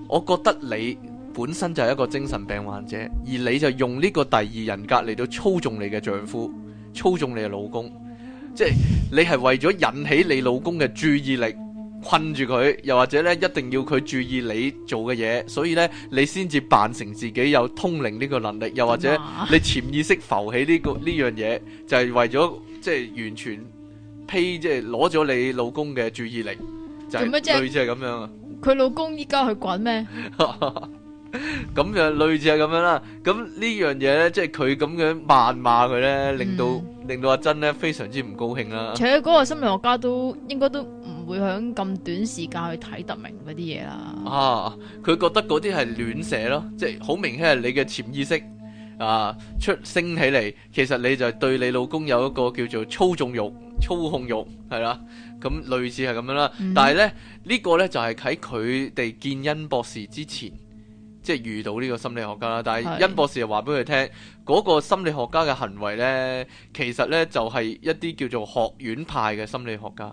我覺得你本身就係一個精神病患者，而你就用呢個第二人格嚟到操縱你嘅丈夫，操縱你嘅老公，即係你係為咗引起你老公嘅注意力，困住佢，又或者咧一定要佢注意你做嘅嘢，所以咧你先至扮成自己有通靈呢個能力，又或者你潛意識浮起呢個呢樣嘢，就係為咗，即係完全。呸，即係攞咗你老公嘅注意力，就係類似係咁樣啊。佢老公依家去滾咩？咁樣 類似係咁樣啦。咁呢樣嘢咧，即係佢咁樣謾罵佢咧，令到，嗯、令到阿珍咧非常之唔高興啦。而且嗰個心理學家都應該都唔會響咁短時間去睇得明嗰啲嘢啦。啊，佢覺得嗰啲係亂寫咯，即係好明顯係你嘅潛意識。啊！出聲起嚟，其實你就對你老公有一個叫做操縱欲、操控欲，係啦。咁類似係咁樣啦。嗯、但係咧，呢個呢，這個、就係喺佢哋見殷博士之前，即係遇到呢個心理學家啦。但係殷博士就話俾佢聽。嗰個心理學家嘅行為呢，其實呢就係、是、一啲叫做學院派嘅心理學家，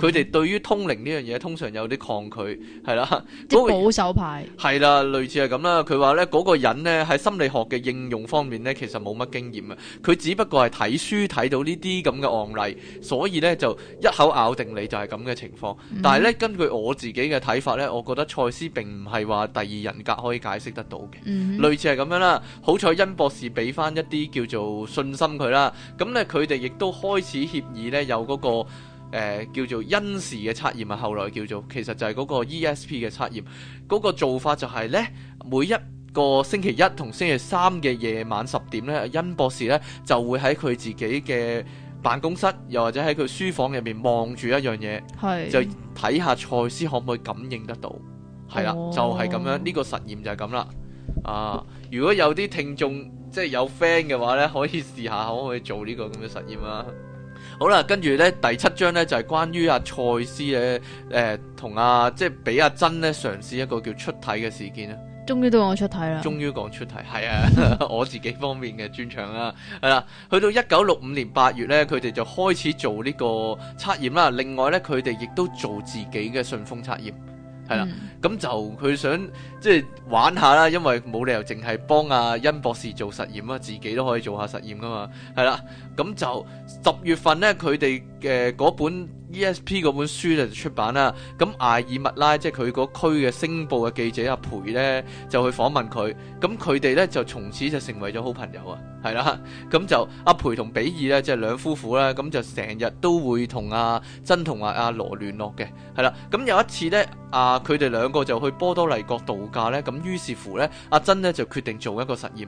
佢哋、mm hmm. 對於通靈呢樣嘢通常有啲抗拒，係啦，那個、保守派係啦，類似係咁啦。佢話呢嗰、那個人呢，喺心理學嘅應用方面呢，其實冇乜經驗啊，佢只不過係睇書睇到呢啲咁嘅案例，所以呢就一口咬定你就係咁嘅情況。Mm hmm. 但係呢，根據我自己嘅睇法呢，我覺得賽斯並唔係話第二人格可以解釋得到嘅，mm hmm. 類似係咁樣啦。好彩恩博士俾翻一啲叫做信心佢啦，咁咧佢哋亦都開始協議咧有嗰、那個誒、呃、叫做因氏嘅測驗啊，後來叫做其實就係嗰個 ESP 嘅測驗，嗰、那個做法就係咧每一個星期一同星期三嘅夜晚十點咧，恩博士咧就會喺佢自己嘅辦公室，又或者喺佢書房入邊望住一樣嘢，係是就睇下賽斯可唔可以感應得到，係啦、哦，就係、是、咁樣，呢、這個實驗就係咁啦。啊，如果有啲聽眾。即係有 friend 嘅話咧，可以試下可唔可以做呢個咁嘅實驗啦。好啦，跟住咧第七章咧就係、是、關於阿賽斯嘅，誒、呃、同阿、啊、即係俾阿珍咧嘗試一個叫出體嘅事件啦。終於到我出體啦。終於講出體，係啊， 我自己方面嘅專長啦啊。係啦，去到一九六五年八月咧，佢哋就開始做呢個測驗啦。另外咧，佢哋亦都做自己嘅信封測驗。係啦，咁就佢想即係玩下啦，因為冇理由淨係幫阿恩博士做實驗啊，自己都可以做下實驗噶嘛，係啦。咁就十月份咧，佢哋嘅嗰本 E.S.P. 嗰本書就出版啦。咁艾爾麥拉即係佢嗰區嘅星報嘅記者阿培咧，就去訪問佢。咁佢哋咧就從此就成為咗好朋友啊，係啦。咁就阿培同比爾咧，即係兩夫婦咧，咁、嗯、就成日都會同阿珍同阿阿羅聯絡嘅，係啦。咁有一次咧，阿佢哋兩個就去波多黎各度假咧，咁於是乎咧，阿珍咧就決定做一個實驗，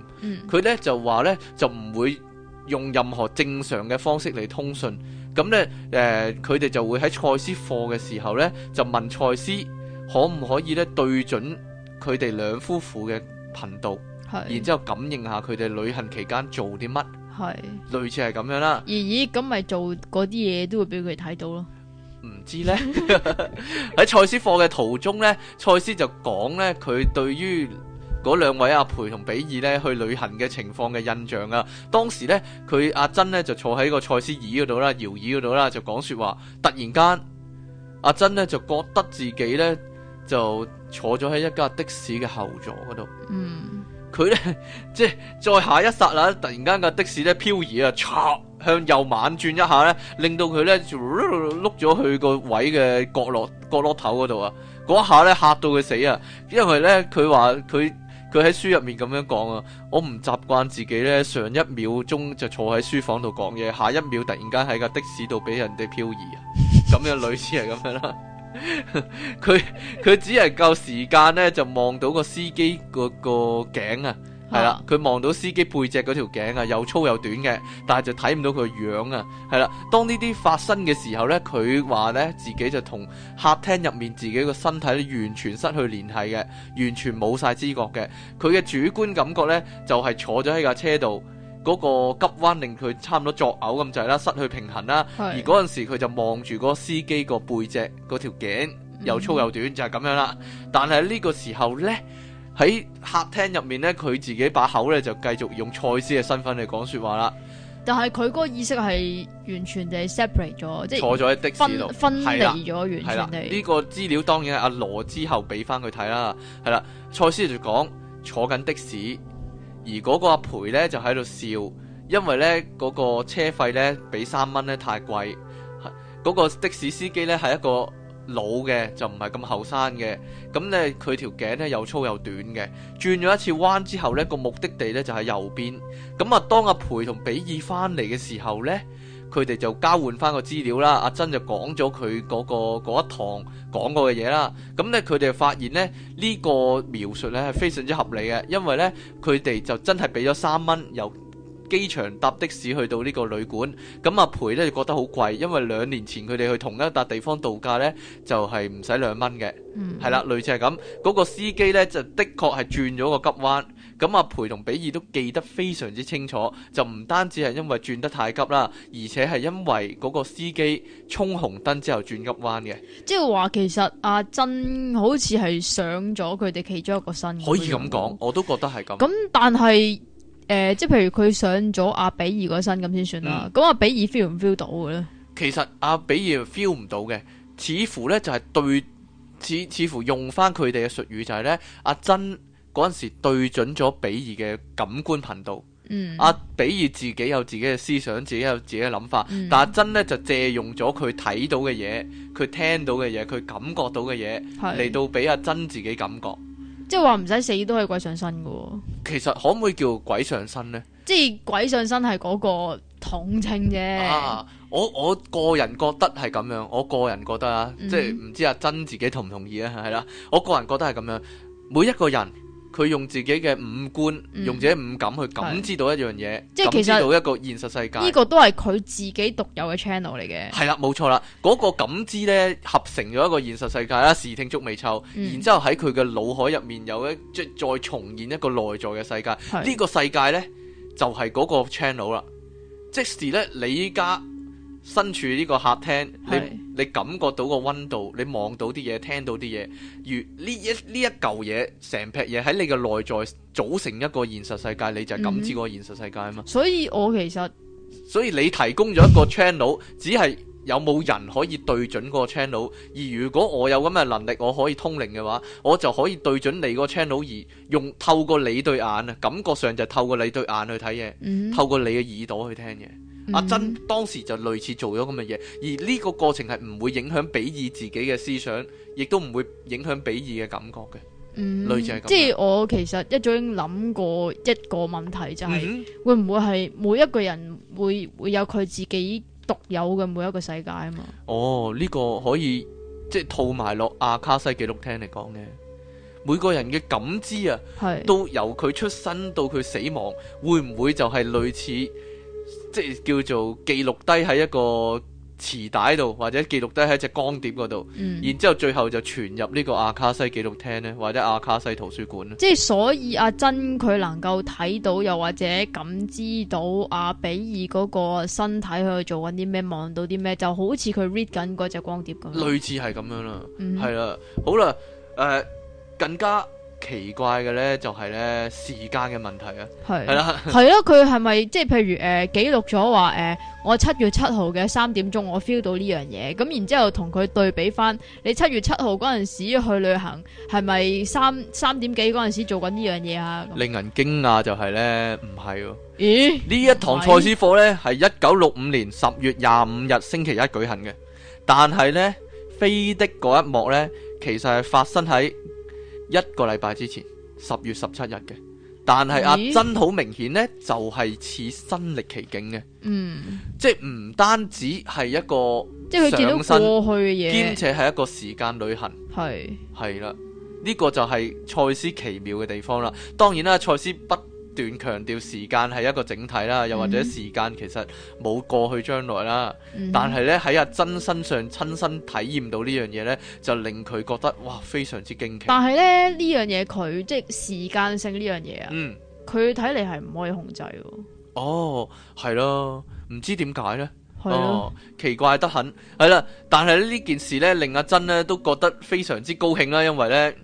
佢咧、嗯、就話咧就唔會。用任何正常嘅方式嚟通訊，咁呢，誒、呃，佢哋就會喺賽斯課嘅時候呢，就問賽斯可唔可以咧對準佢哋兩夫婦嘅頻道，是然之後感應下佢哋旅行期間做啲乜，是類似係咁樣啦。咦咦，咁咪做嗰啲嘢都會俾佢睇到咯？唔知呢，喺賽 斯課嘅途中呢，賽斯就講呢，佢對於。嗰兩位阿培同比爾咧去旅行嘅情況嘅印象啊，當時咧佢阿珍咧就坐喺個賽斯椅嗰度啦，搖椅嗰度啦，就講説話。突然間，阿珍咧就覺得自己咧就坐咗喺一架的士嘅後座嗰度。嗯，佢咧即係再下一剎那，突然間架的士咧漂移啊，刷向右猛轉一下咧，令到佢咧碌咗去個位嘅角落角落頭嗰度啊！嗰下咧嚇到佢死啊，因為咧佢話佢。佢喺書入面咁樣講啊，我唔習慣自己咧上一秒鐘就坐喺書房度講嘢，下一秒突然間喺架的士度俾人哋漂移啊，咁樣類似係咁樣啦、啊。佢 佢只係夠時間咧，就望到個司機個、嗰個頸啊。係啦，佢望到司機背脊嗰條頸啊，又粗又短嘅，但係就睇唔到佢個樣啊。係啦，當呢啲發生嘅時候呢，佢話呢，自己就同客廳入面自己個身體完全失去聯繫嘅，完全冇晒知覺嘅。佢嘅主觀感覺呢，就係、是、坐咗喺架車度，嗰、那個急彎令佢差唔多作嘔咁滯啦，失去平衡啦。是而嗰陣時佢就望住嗰個司機個背脊嗰條頸又粗又短，嗯、哼就係咁樣啦。但係呢個時候呢。喺客廳入面咧，佢自己把口咧，就繼續用賽斯嘅身份嚟講說話啦。但係佢嗰個意識係完全地 separate 咗，即係是坐咗喺的士度，分離咗完全地。呢、這個資料當然係阿羅之後俾翻佢睇啦。係啦，賽斯就講坐緊的士，而嗰個阿培咧就喺度笑，因為咧，嗰、那個車費咧俾三蚊咧太貴，嗰、那個的士司機咧係一個。老嘅就唔係咁後生嘅，咁呢，佢條頸呢又粗又短嘅，轉咗一次彎之後呢個目的地呢就係右邊，咁啊當阿培同比爾翻嚟嘅時候呢，佢哋就交換翻個資料啦，阿珍就講咗佢嗰個嗰一堂講過嘅嘢啦，咁呢，佢哋發現呢呢個描述呢係非常之合理嘅，因為呢，佢哋就真係俾咗三蚊又，機場搭的士去到呢個旅館，咁、啊、阿培呢就覺得好貴，因為兩年前佢哋去同一笪地方度假呢，就係唔使兩蚊嘅，係啦、嗯，類似係咁。嗰、那個司機呢就的確係轉咗個急彎，咁、啊、阿培同比爾都記得非常之清楚，就唔單止係因為轉得太急啦，而且係因為嗰個司機衝紅燈之後轉急彎嘅。即係話其實阿珍好似係上咗佢哋其中一個身嘅，可以咁講，我都覺得係咁。咁但係。誒、呃，即係譬如佢上咗阿比爾個身咁先算啦。咁、嗯、阿比爾 feel 唔 feel 到嘅咧？其實阿比爾 feel 唔到嘅，似乎咧就係對，似似乎用翻佢哋嘅術語就係、是、咧，阿珍嗰陣時對準咗比爾嘅感官頻道。嗯，阿比爾自己有自己嘅思想，自己有自己嘅諗法。嗯、但阿珍咧就借用咗佢睇到嘅嘢，佢聽到嘅嘢，佢感覺到嘅嘢嚟到俾阿珍自己感覺。即係話唔使死都可以鬼上身噶、哦，其實可唔可以叫鬼上身呢？即係鬼上身係嗰個統稱啫、啊。我我個人覺得係咁樣，我個人覺得啊，嗯、即係唔知阿珍自己同唔同意啊？係啦，我個人覺得係咁樣，每一個人。佢用自己嘅五官，嗯、用自己五感去感知到一樣嘢，即係其實到一個現實世界。呢個都係佢自己獨有嘅 channel 嚟嘅。係啦，冇錯啦，嗰、那個感知咧，合成咗一個現實世界啦，視聽觸味嗅，嗯、然之後喺佢嘅腦海入面有一再再重現一個內在嘅世界。呢是個世界咧，就係、是、嗰個 channel 啦。即是咧，你依家、嗯。身處呢個客廳，你你感覺到個溫度，你望到啲嘢，聽到啲嘢，而呢一呢一嚿嘢，成劈嘢喺你嘅內在組成一個現實世界，你就係感知個現實世界啊嘛、嗯。所以我其實，所以你提供咗一個 channel，只係有冇人可以對準嗰個 channel。而如果我有咁嘅能力，我可以通靈嘅話，我就可以對準你個 channel，而用透過你對眼啊，感覺上就透過你對眼去睇嘢，嗯、透過你嘅耳朵去聽嘢。阿、啊、珍當時就類似做咗咁嘅嘢，而呢個過程係唔會影響比爾自己嘅思想，亦都唔會影響比爾嘅感覺嘅。嗯，類似係咁，即係我其實一早已經諗過一個問題、就是，就係、嗯、會唔會係每一個人會會有佢自己獨有嘅每一個世界啊嘛？哦，呢、這個可以即係套埋落阿卡西記錄聽嚟講嘅，每個人嘅感知啊，是都由佢出生到佢死亡，會唔會就係類似、嗯？即係叫做記錄低喺一個磁帶度，或者記錄低喺一隻光碟嗰度，嗯、然之後最後就傳入呢個阿卡西記錄廳咧，或者阿卡西圖書館。即係所以阿珍佢能夠睇到，又或者感知到阿比爾嗰個身體去做緊啲咩，望到啲咩，就好似佢 read 緊嗰隻光碟咁。類似係咁樣啦，係啦、嗯，好啦，誒、呃，更加。奇怪嘅呢，就係、是、呢時間嘅問題啊，係啦、啊，係咯 啊，佢係咪即係譬如誒記錄咗話誒我七月七號嘅三點鐘我 feel 到呢樣嘢，咁然之後同佢對比翻，你七月七號嗰陣時去旅行係咪三三點幾嗰陣時做緊呢樣嘢啊？令人驚訝就係呢，唔係喎，咦、欸？呢一堂賽斯課呢，係一九六五年十月廿五日星期一舉行嘅，但係呢，飛的嗰一幕呢，其實係發生喺。一個禮拜之前，十月十七日嘅，但係阿珍好明顯呢，就係、是、似身歷其境嘅，嗯、即係唔單止係一個，即係佢見到過去嘅嘢，兼且係一個時間旅行，係係啦，呢、這個就係賽斯奇妙嘅地方啦。當然啦，賽斯不。段強調時間係一個整體啦，又或者時間其實冇過去將來啦。嗯、哼但係咧喺阿珍身上親身體驗到呢樣嘢咧，就令佢覺得哇，非常之驚奇。但係咧呢樣嘢佢即係時間性呢樣嘢啊，佢睇嚟係唔可以控制喎。哦，係咯，唔知點解咧，係咯了、哦，奇怪得很。係啦，但係呢件事咧令阿珍咧都覺得非常之高興啦，因為咧。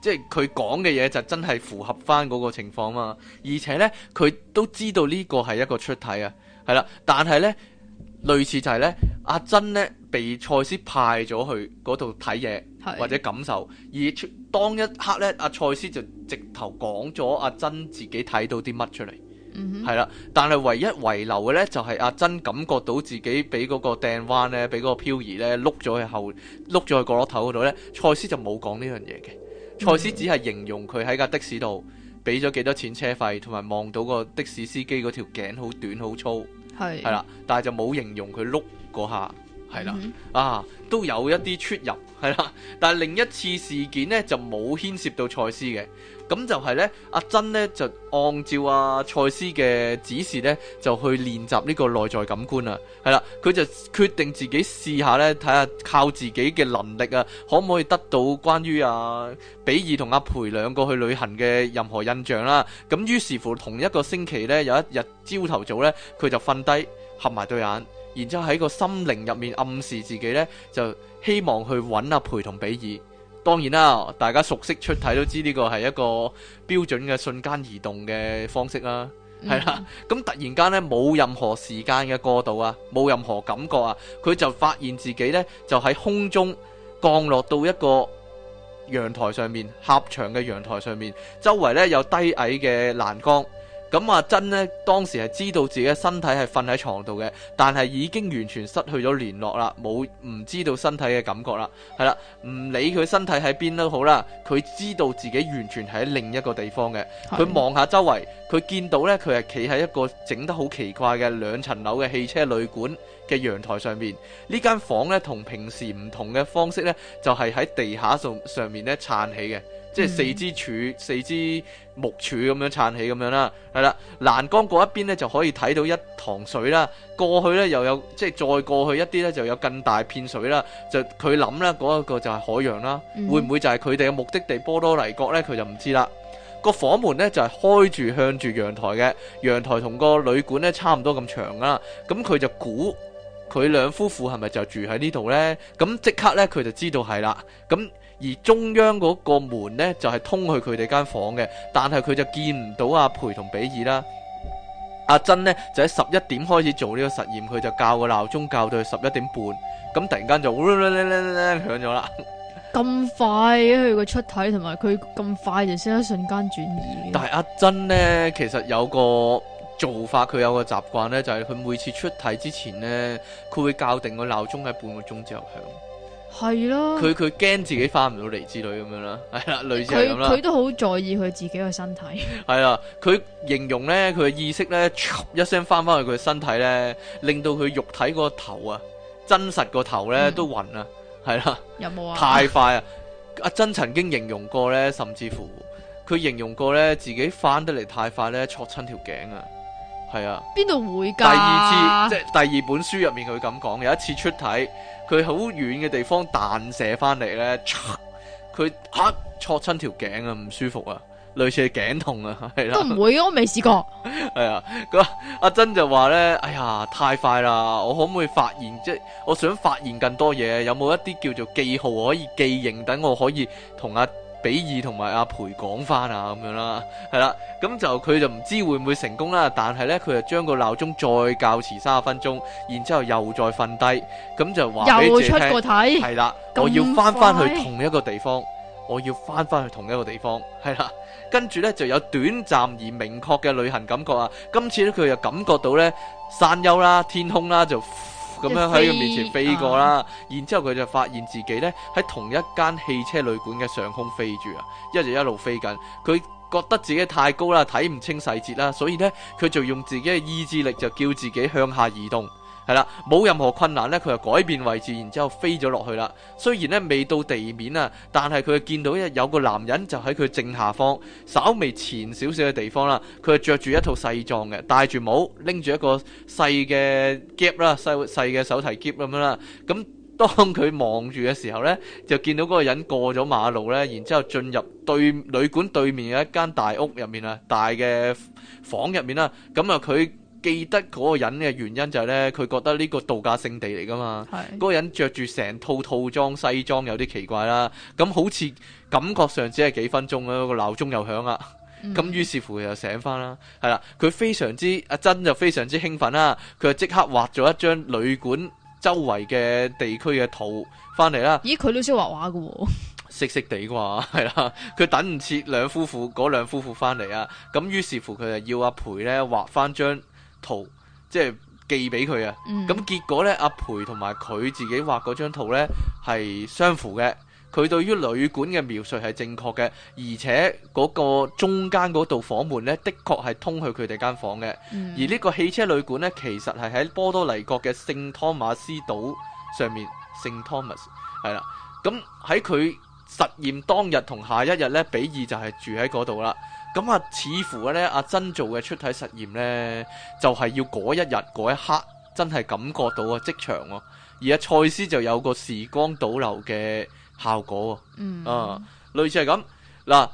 即係佢講嘅嘢就真係符合翻嗰個情況嘛，而且呢，佢都知道呢個係一個出體啊，係啦。但係呢，類似就係呢，阿珍呢，被賽斯派咗去嗰度睇嘢或者感受，是的 而當一刻呢，阿賽斯就直頭講咗阿珍自己睇到啲乜出嚟，係啦、嗯哼。但係唯一遺留嘅呢，就係、是、阿珍感覺到自己俾嗰個掟彎呢，俾嗰個漂移呢，碌咗去後碌咗去角落頭嗰度呢，賽斯就冇講呢樣嘢嘅。賽斯只係形容佢喺架的士度俾咗幾多錢車費，同埋望到個的士司機嗰條頸好短好粗，係啦的，但係就冇形容佢碌嗰下。係啦，啊，都有一啲出入，係啦。但係另一次事件呢，就冇牽涉到賽斯嘅，咁就係呢，阿珍呢，就按照阿、啊、賽斯嘅指示呢，就去練習呢個內在感官啦、啊。係啦，佢就決定自己試下呢，睇下靠自己嘅能力啊，可唔可以得到關於、啊、阿比爾同阿培兩個去旅行嘅任何印象啦、啊。咁於是乎，同一個星期呢，有一日朝頭早呢，佢就瞓低合埋對眼。然之後喺個心靈入面，暗示自己呢，就希望去揾阿、啊、培同比爾。當然啦，大家熟悉出體都知呢個係一個標準嘅瞬間移動嘅方式啦，係、嗯、啦。咁突然間呢，冇任何時間嘅過渡啊，冇任何感覺啊，佢就發現自己呢，就喺空中降落到一個陽台上面，狹長嘅陽台上面，周圍呢，有低矮嘅欄杆。咁阿珍呢，當時係知道自己嘅身體係瞓喺床度嘅，但係已經完全失去咗聯絡啦，冇唔知道身體嘅感覺啦，係啦，唔理佢身體喺邊都好啦，佢知道自己完全喺另一個地方嘅，佢望下周圍，佢見到咧，佢係企喺一個整得好奇怪嘅兩層樓嘅汽車旅館。嘅陽台上面，間呢間房咧同平時唔同嘅方式咧，就係、是、喺地下上上,上面咧撐起嘅，即係四支柱、嗯、四支木柱咁樣撐起咁樣啦。係啦，欄杆嗰一邊咧就可以睇到一塘水啦。過去咧又有即係再過去一啲咧就有更大片水啦。就佢諗咧嗰一個就係海洋啦，嗯、會唔會就係佢哋嘅目的地波多黎各咧？佢就唔知啦。個、嗯、房門咧就係、是、開住向住陽台嘅，陽台同個旅館咧差唔多咁長㗎啦。咁佢就估。佢兩夫婦係咪就住喺呢度呢？咁即刻呢，佢就知道係啦。咁而中央嗰個門呢，就係通去佢哋間房嘅，但係佢就見唔到阿培同比爾啦。阿珍呢，就喺十一點開始做呢個實驗，佢就校個鬧鐘校到去十一點半，咁突然間就響咗啦。咁快佢個出體同埋佢咁快就先一瞬間轉移。但係阿珍呢，其實有個。做法，佢有個習慣呢，就係佢每次出體之前呢，佢會校定個鬧鐘喺半個鐘之後響。係啦，佢佢驚自己翻唔到嚟之類咁樣啦，係啦，類似咁啦。佢都好在意佢自己個身體。係啊，佢形容呢，佢嘅意識呢，一聲翻翻去佢身體呢，令到佢肉體個頭啊，真實個頭呢，都暈啊，係啦。有冇啊？太快啊！阿珍曾經形容過呢，甚至乎佢形容過呢，自己翻得嚟太快呢，戳親條頸啊！係啊，邊度會噶？第二次即係第二本書入面佢咁講，有一次出體，佢好遠嘅地方彈射翻嚟咧，佢吓挫親條頸啊，唔舒服啊，類似係頸痛啊，係啦。都唔會，我未試過。係 啊，阿珍就話咧，哎呀，太快啦，我可唔可以發現即係，我想發現更多嘢，有冇一啲叫做記號可以記認，等我可以同阿、啊。比爾同埋阿培講翻啊咁樣啦，係啦，咁就佢就唔知會唔會成功啦，但係呢，佢就將個鬧鐘再校遲三十分鐘，然之後又再瞓低，咁就話俾出姐聽，係啦了，我要翻翻去同一個地方，我要翻翻去同一個地方，係啦，跟住呢，就有短暫而明確嘅旅行感覺啊，今次呢，佢又感覺到呢，山丘啦、天空啦就。咁樣喺佢面前飛過啦，uh huh. 然之後佢就發現自己咧喺同一間汽車旅館嘅上空飛住啊，一直一路飛緊。佢覺得自己太高啦，睇唔清細節啦，所以咧佢就用自己嘅意志力就叫自己向下移動。係啦，冇任何困難咧，佢就改變位置，然之後飛咗落去啦。雖然咧未到地面啊，但係佢見到一有個男人就喺佢正下方，稍微前少少嘅地方啦。佢係着住一套細裝嘅，戴住帽，拎住一個細嘅夾啦，細細嘅手提夾咁樣啦。咁當佢望住嘅時候咧，就見到嗰個人過咗馬路咧，然之後進入對旅館對面嘅一間大屋入面啊，大嘅房入面啦。咁啊，佢，記得嗰個人嘅原因就係呢，佢覺得呢個度假勝地嚟噶嘛。嗰是個人着住成套套裝西裝有啲奇怪啦。咁好似感覺上只係幾分鐘咯，嗰個鬧鐘又響啦。咁、嗯、於是乎佢就醒翻啦。係啦，佢非常之阿珍、啊、就非常之興奮啦。佢就即刻畫咗一張旅館周圍嘅地區嘅圖翻嚟啦。咦，佢都識畫畫噶喎、哦？識識地啩，係啦。佢等唔切兩夫婦嗰兩夫婦翻嚟啊。咁於是乎佢就要阿培呢畫翻張圖即係寄俾佢啊！咁、嗯、結果呢，阿培同埋佢自己畫嗰張圖呢係相符嘅。佢對於旅館嘅描述係正確嘅，而且嗰個中間嗰道房門呢，的確係通去佢哋間房嘅。嗯、而呢個汽車旅館呢，其實係喺波多黎各嘅聖托馬斯島上面，聖托馬斯係啦。咁喺佢實驗當日同下一日呢，比爾就係住喺嗰度啦。咁啊，似乎咧，阿珍做嘅出體實驗呢，就係、是、要嗰一日嗰一刻，真係感覺到啊，即場哦、啊。而阿賽斯就有個時光倒流嘅效果啊，嗯、啊，類似係咁。嗱，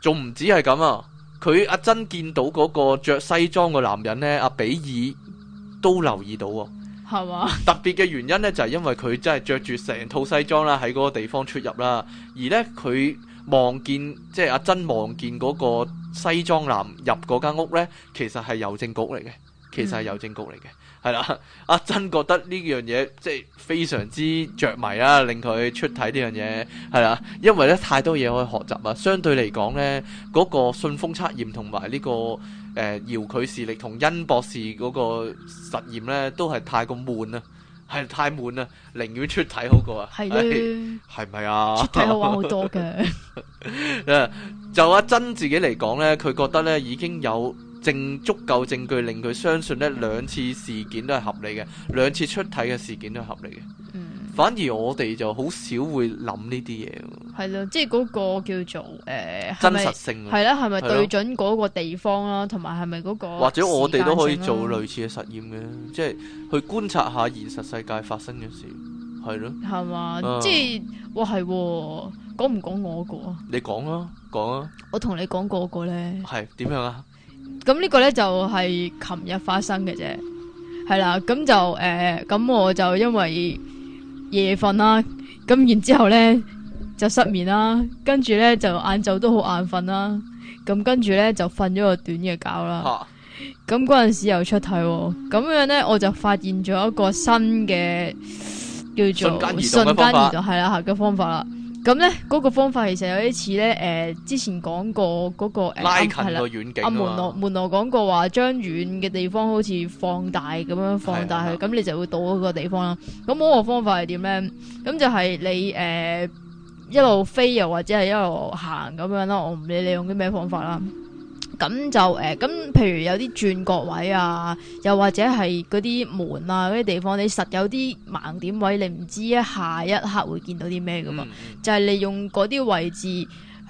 仲唔止係咁啊？佢阿珍見到嗰個着西裝嘅男人呢，阿比爾都留意到、啊，係嘛吧？特別嘅原因呢，就係、是、因為佢真係着住成套西裝啦，喺嗰個地方出入啦，而呢，佢。望見即係阿珍望見嗰個西裝男入嗰間屋呢,其實係郵政局嚟嘅，其實係郵政局嚟嘅，係啦。阿珍覺得呢樣嘢即係非常之着迷啦，令佢出體呢樣嘢係啦，因為呢太多嘢可以學習啊。相對嚟講呢，嗰個信封測驗同埋呢個誒搖佢視力同恩博士嗰個實驗呢，都係太過悶啊。係太悶啦，寧願出體好過啊！係係咪啊？出體好玩好多嘅， 就阿珍自己嚟講呢，佢覺得呢已經有證足夠證據令佢相信呢兩次事件都係合理嘅，兩次出體嘅事件都係合理嘅。嗯。反而我哋就好少會諗呢啲嘢咯，係咯，即係嗰個叫做誒，呃、真實性係啦，係咪對準嗰個地方啦，同埋係咪嗰個或者我哋都可以做類似嘅實驗嘅，即係去觀察下現實世界發生嘅事，係咯，係嘛？嗯、即係哇，係講唔講我個啊？你講咯，講啊！我同你講嗰個咧，係點樣啊？咁呢個咧就係琴日發生嘅啫，係啦，咁就誒，咁、呃、我就因為。夜瞓啦，咁然之後咧就失眠啦，跟住呢，就晏晝都好眼瞓啦，咁跟住呢，就瞓咗個短嘅覺啦。咁嗰陣時又出體，咁樣呢，我就發現咗一個新嘅叫做瞬間移動就係啦下嘅方法啦。咁咧，嗰、那個方法其實有啲似咧，誒、呃，之前講過嗰、那個拉近個遠景啊嘛。阿門羅，門羅講過話，將遠嘅地方好似放大咁樣放大佢，咁、嗯嗯嗯、你就會到嗰個地方啦。咁嗰個方法係點咧？咁就係你誒、呃、一路飛又或者係一路行咁樣啦。我唔理你用啲咩方法啦。嗯咁就誒，咁、呃、譬如有啲轉角位啊，又或者係嗰啲門啊，嗰啲地方，你實有啲盲點位，你唔知一下一刻會見到啲咩噶嘛？嗯、就係利用嗰啲位置，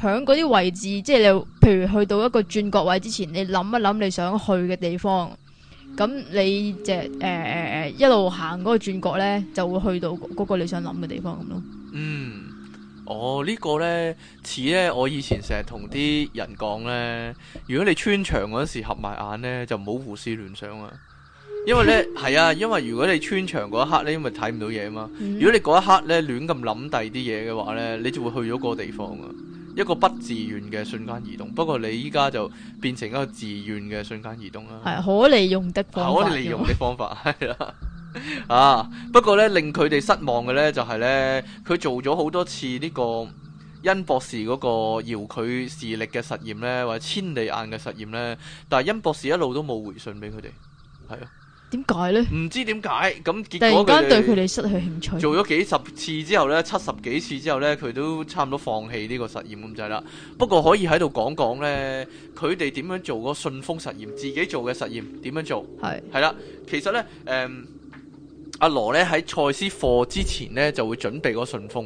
響嗰啲位置，即係你，譬如去到一個轉角位之前，你諗一諗你想去嘅地方，咁你就誒誒誒一路行嗰個轉角咧，就會去到嗰個你想諗嘅地方咁咯。嗯。哦，呢、這個呢，似呢，我以前成日同啲人講呢：如果你穿牆嗰時合埋眼呢，就唔好胡思亂想啊。因為呢，係 啊，因為如果你穿牆嗰一刻呢，因咪睇唔到嘢啊嘛。嗯、如果你嗰一刻呢，亂咁諗第啲嘢嘅話呢，你就會去咗個地方啊，一個不自願嘅瞬間移動。不過你依家就變成一個自願嘅瞬間移動啦。係可利用的方法。可利用的方法係啊。 啊！不過咧，令佢哋失望嘅咧，就係、是、咧，佢做咗好多次呢個恩博士嗰個搖佢視力嘅實驗咧，或者千里眼嘅實驗咧，但係恩博士一路都冇回信俾佢哋，係啊？點解咧？唔知點解。咁結果佢哋對佢哋失去興趣，做咗幾十次之後咧，七十幾次之後咧，佢都差唔多放棄呢個實驗咁就係啦。不過可以喺度講講咧，佢哋點樣做個信封實驗，自己做嘅實驗點樣做？係係啦。其實咧，誒、嗯。阿羅咧喺賽斯課之前咧，就會準備個信封，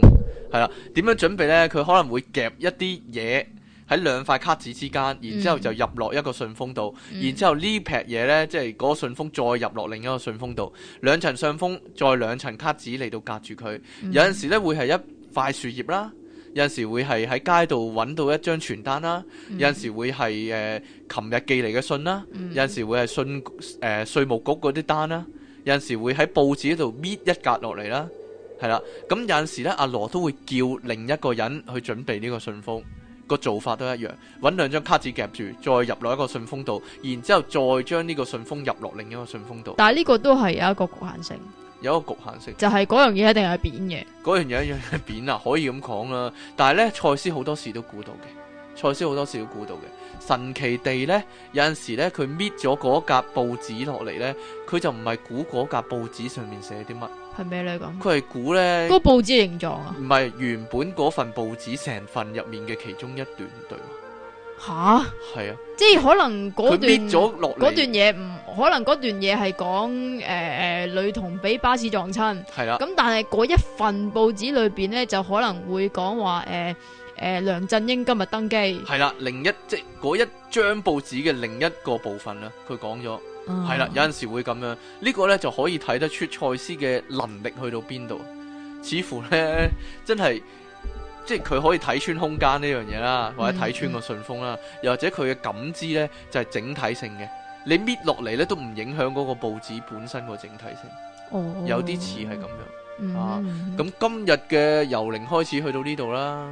係啦，點樣準備呢？佢可能會夾一啲嘢喺兩塊卡紙之間，然之後就入落一個信封度，嗯、然之後呢撇嘢呢，即係嗰個信封再入落另一個信封度，兩層信封再兩層卡紙嚟到夾住佢。嗯、有陣時咧會係一塊樹葉啦，有陣時會係喺街度揾到一張傳單啦，有陣時會係誒琴日寄嚟嘅信啦，有陣時會係信誒、呃、稅務局嗰啲單啦。有陣時會喺報紙嗰度搣一格落嚟啦，係啦，咁有陣時咧，阿羅都會叫另一個人去準備呢個信封，個做法都一樣，揾兩張卡紙夾住，再入落一個信封度，然之後再將呢個信封入落另一個信封度。但係呢個都係有一個局限性，有一個局限性，就係嗰樣嘢一定係扁嘅，嗰樣嘢一樣係扁啊，可以咁講啦。但係呢，賽斯好多時都估到嘅，賽斯好多時都估到嘅。神奇地咧，有陣時咧，佢搣咗嗰格報紙落嚟咧，佢就唔係估嗰格報紙上面寫啲乜，係咩咧咁？佢係估咧嗰報紙形狀啊，唔係原本嗰份報紙成份入面嘅其中一段對。吓哈，係啊，即係可能嗰段搣咗落嚟嗰段嘢，唔可能嗰段嘢係講誒誒，女童俾巴士撞親係啦。咁、啊、但係嗰一份報紙裏邊咧，就可能會講話誒。呃呃誒、呃，梁振英今日登記係啦，另一即係嗰一張報紙嘅另一個部分啦，佢講咗係啦，有陣時會咁樣，呢、這個呢就可以睇得出賽斯嘅能力去到邊度，似乎呢，真係即係佢可以睇穿空間呢樣嘢啦，或者睇穿個信封啦，嗯、又或者佢嘅感知呢，就係、是、整體性嘅，你搣落嚟呢都唔影響嗰個報紙本身個整體性，哦、有啲似係咁樣、嗯、啊，咁今日嘅由零開始去到呢度啦。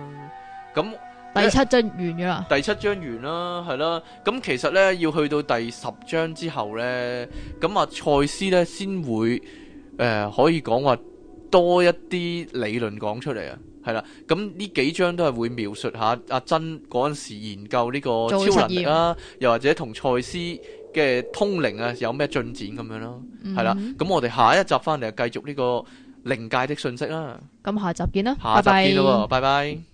咁、嗯、第七章完咗啦，第七章完啦，係啦。咁其實咧要去到第十章之後咧，咁阿賽斯咧先會誒、呃、可以講話多一啲理論講出嚟啊，係啦。咁呢幾章都係會描述下阿、啊、珍嗰陣時研究呢個超能力啦，又或者同賽斯嘅通靈啊有咩進展咁樣咯，係啦。咁、嗯、哼我哋下一集翻嚟繼續呢個靈界的訊息啦。咁、嗯、哼下集見啦，下集見咯，拜拜。拜拜。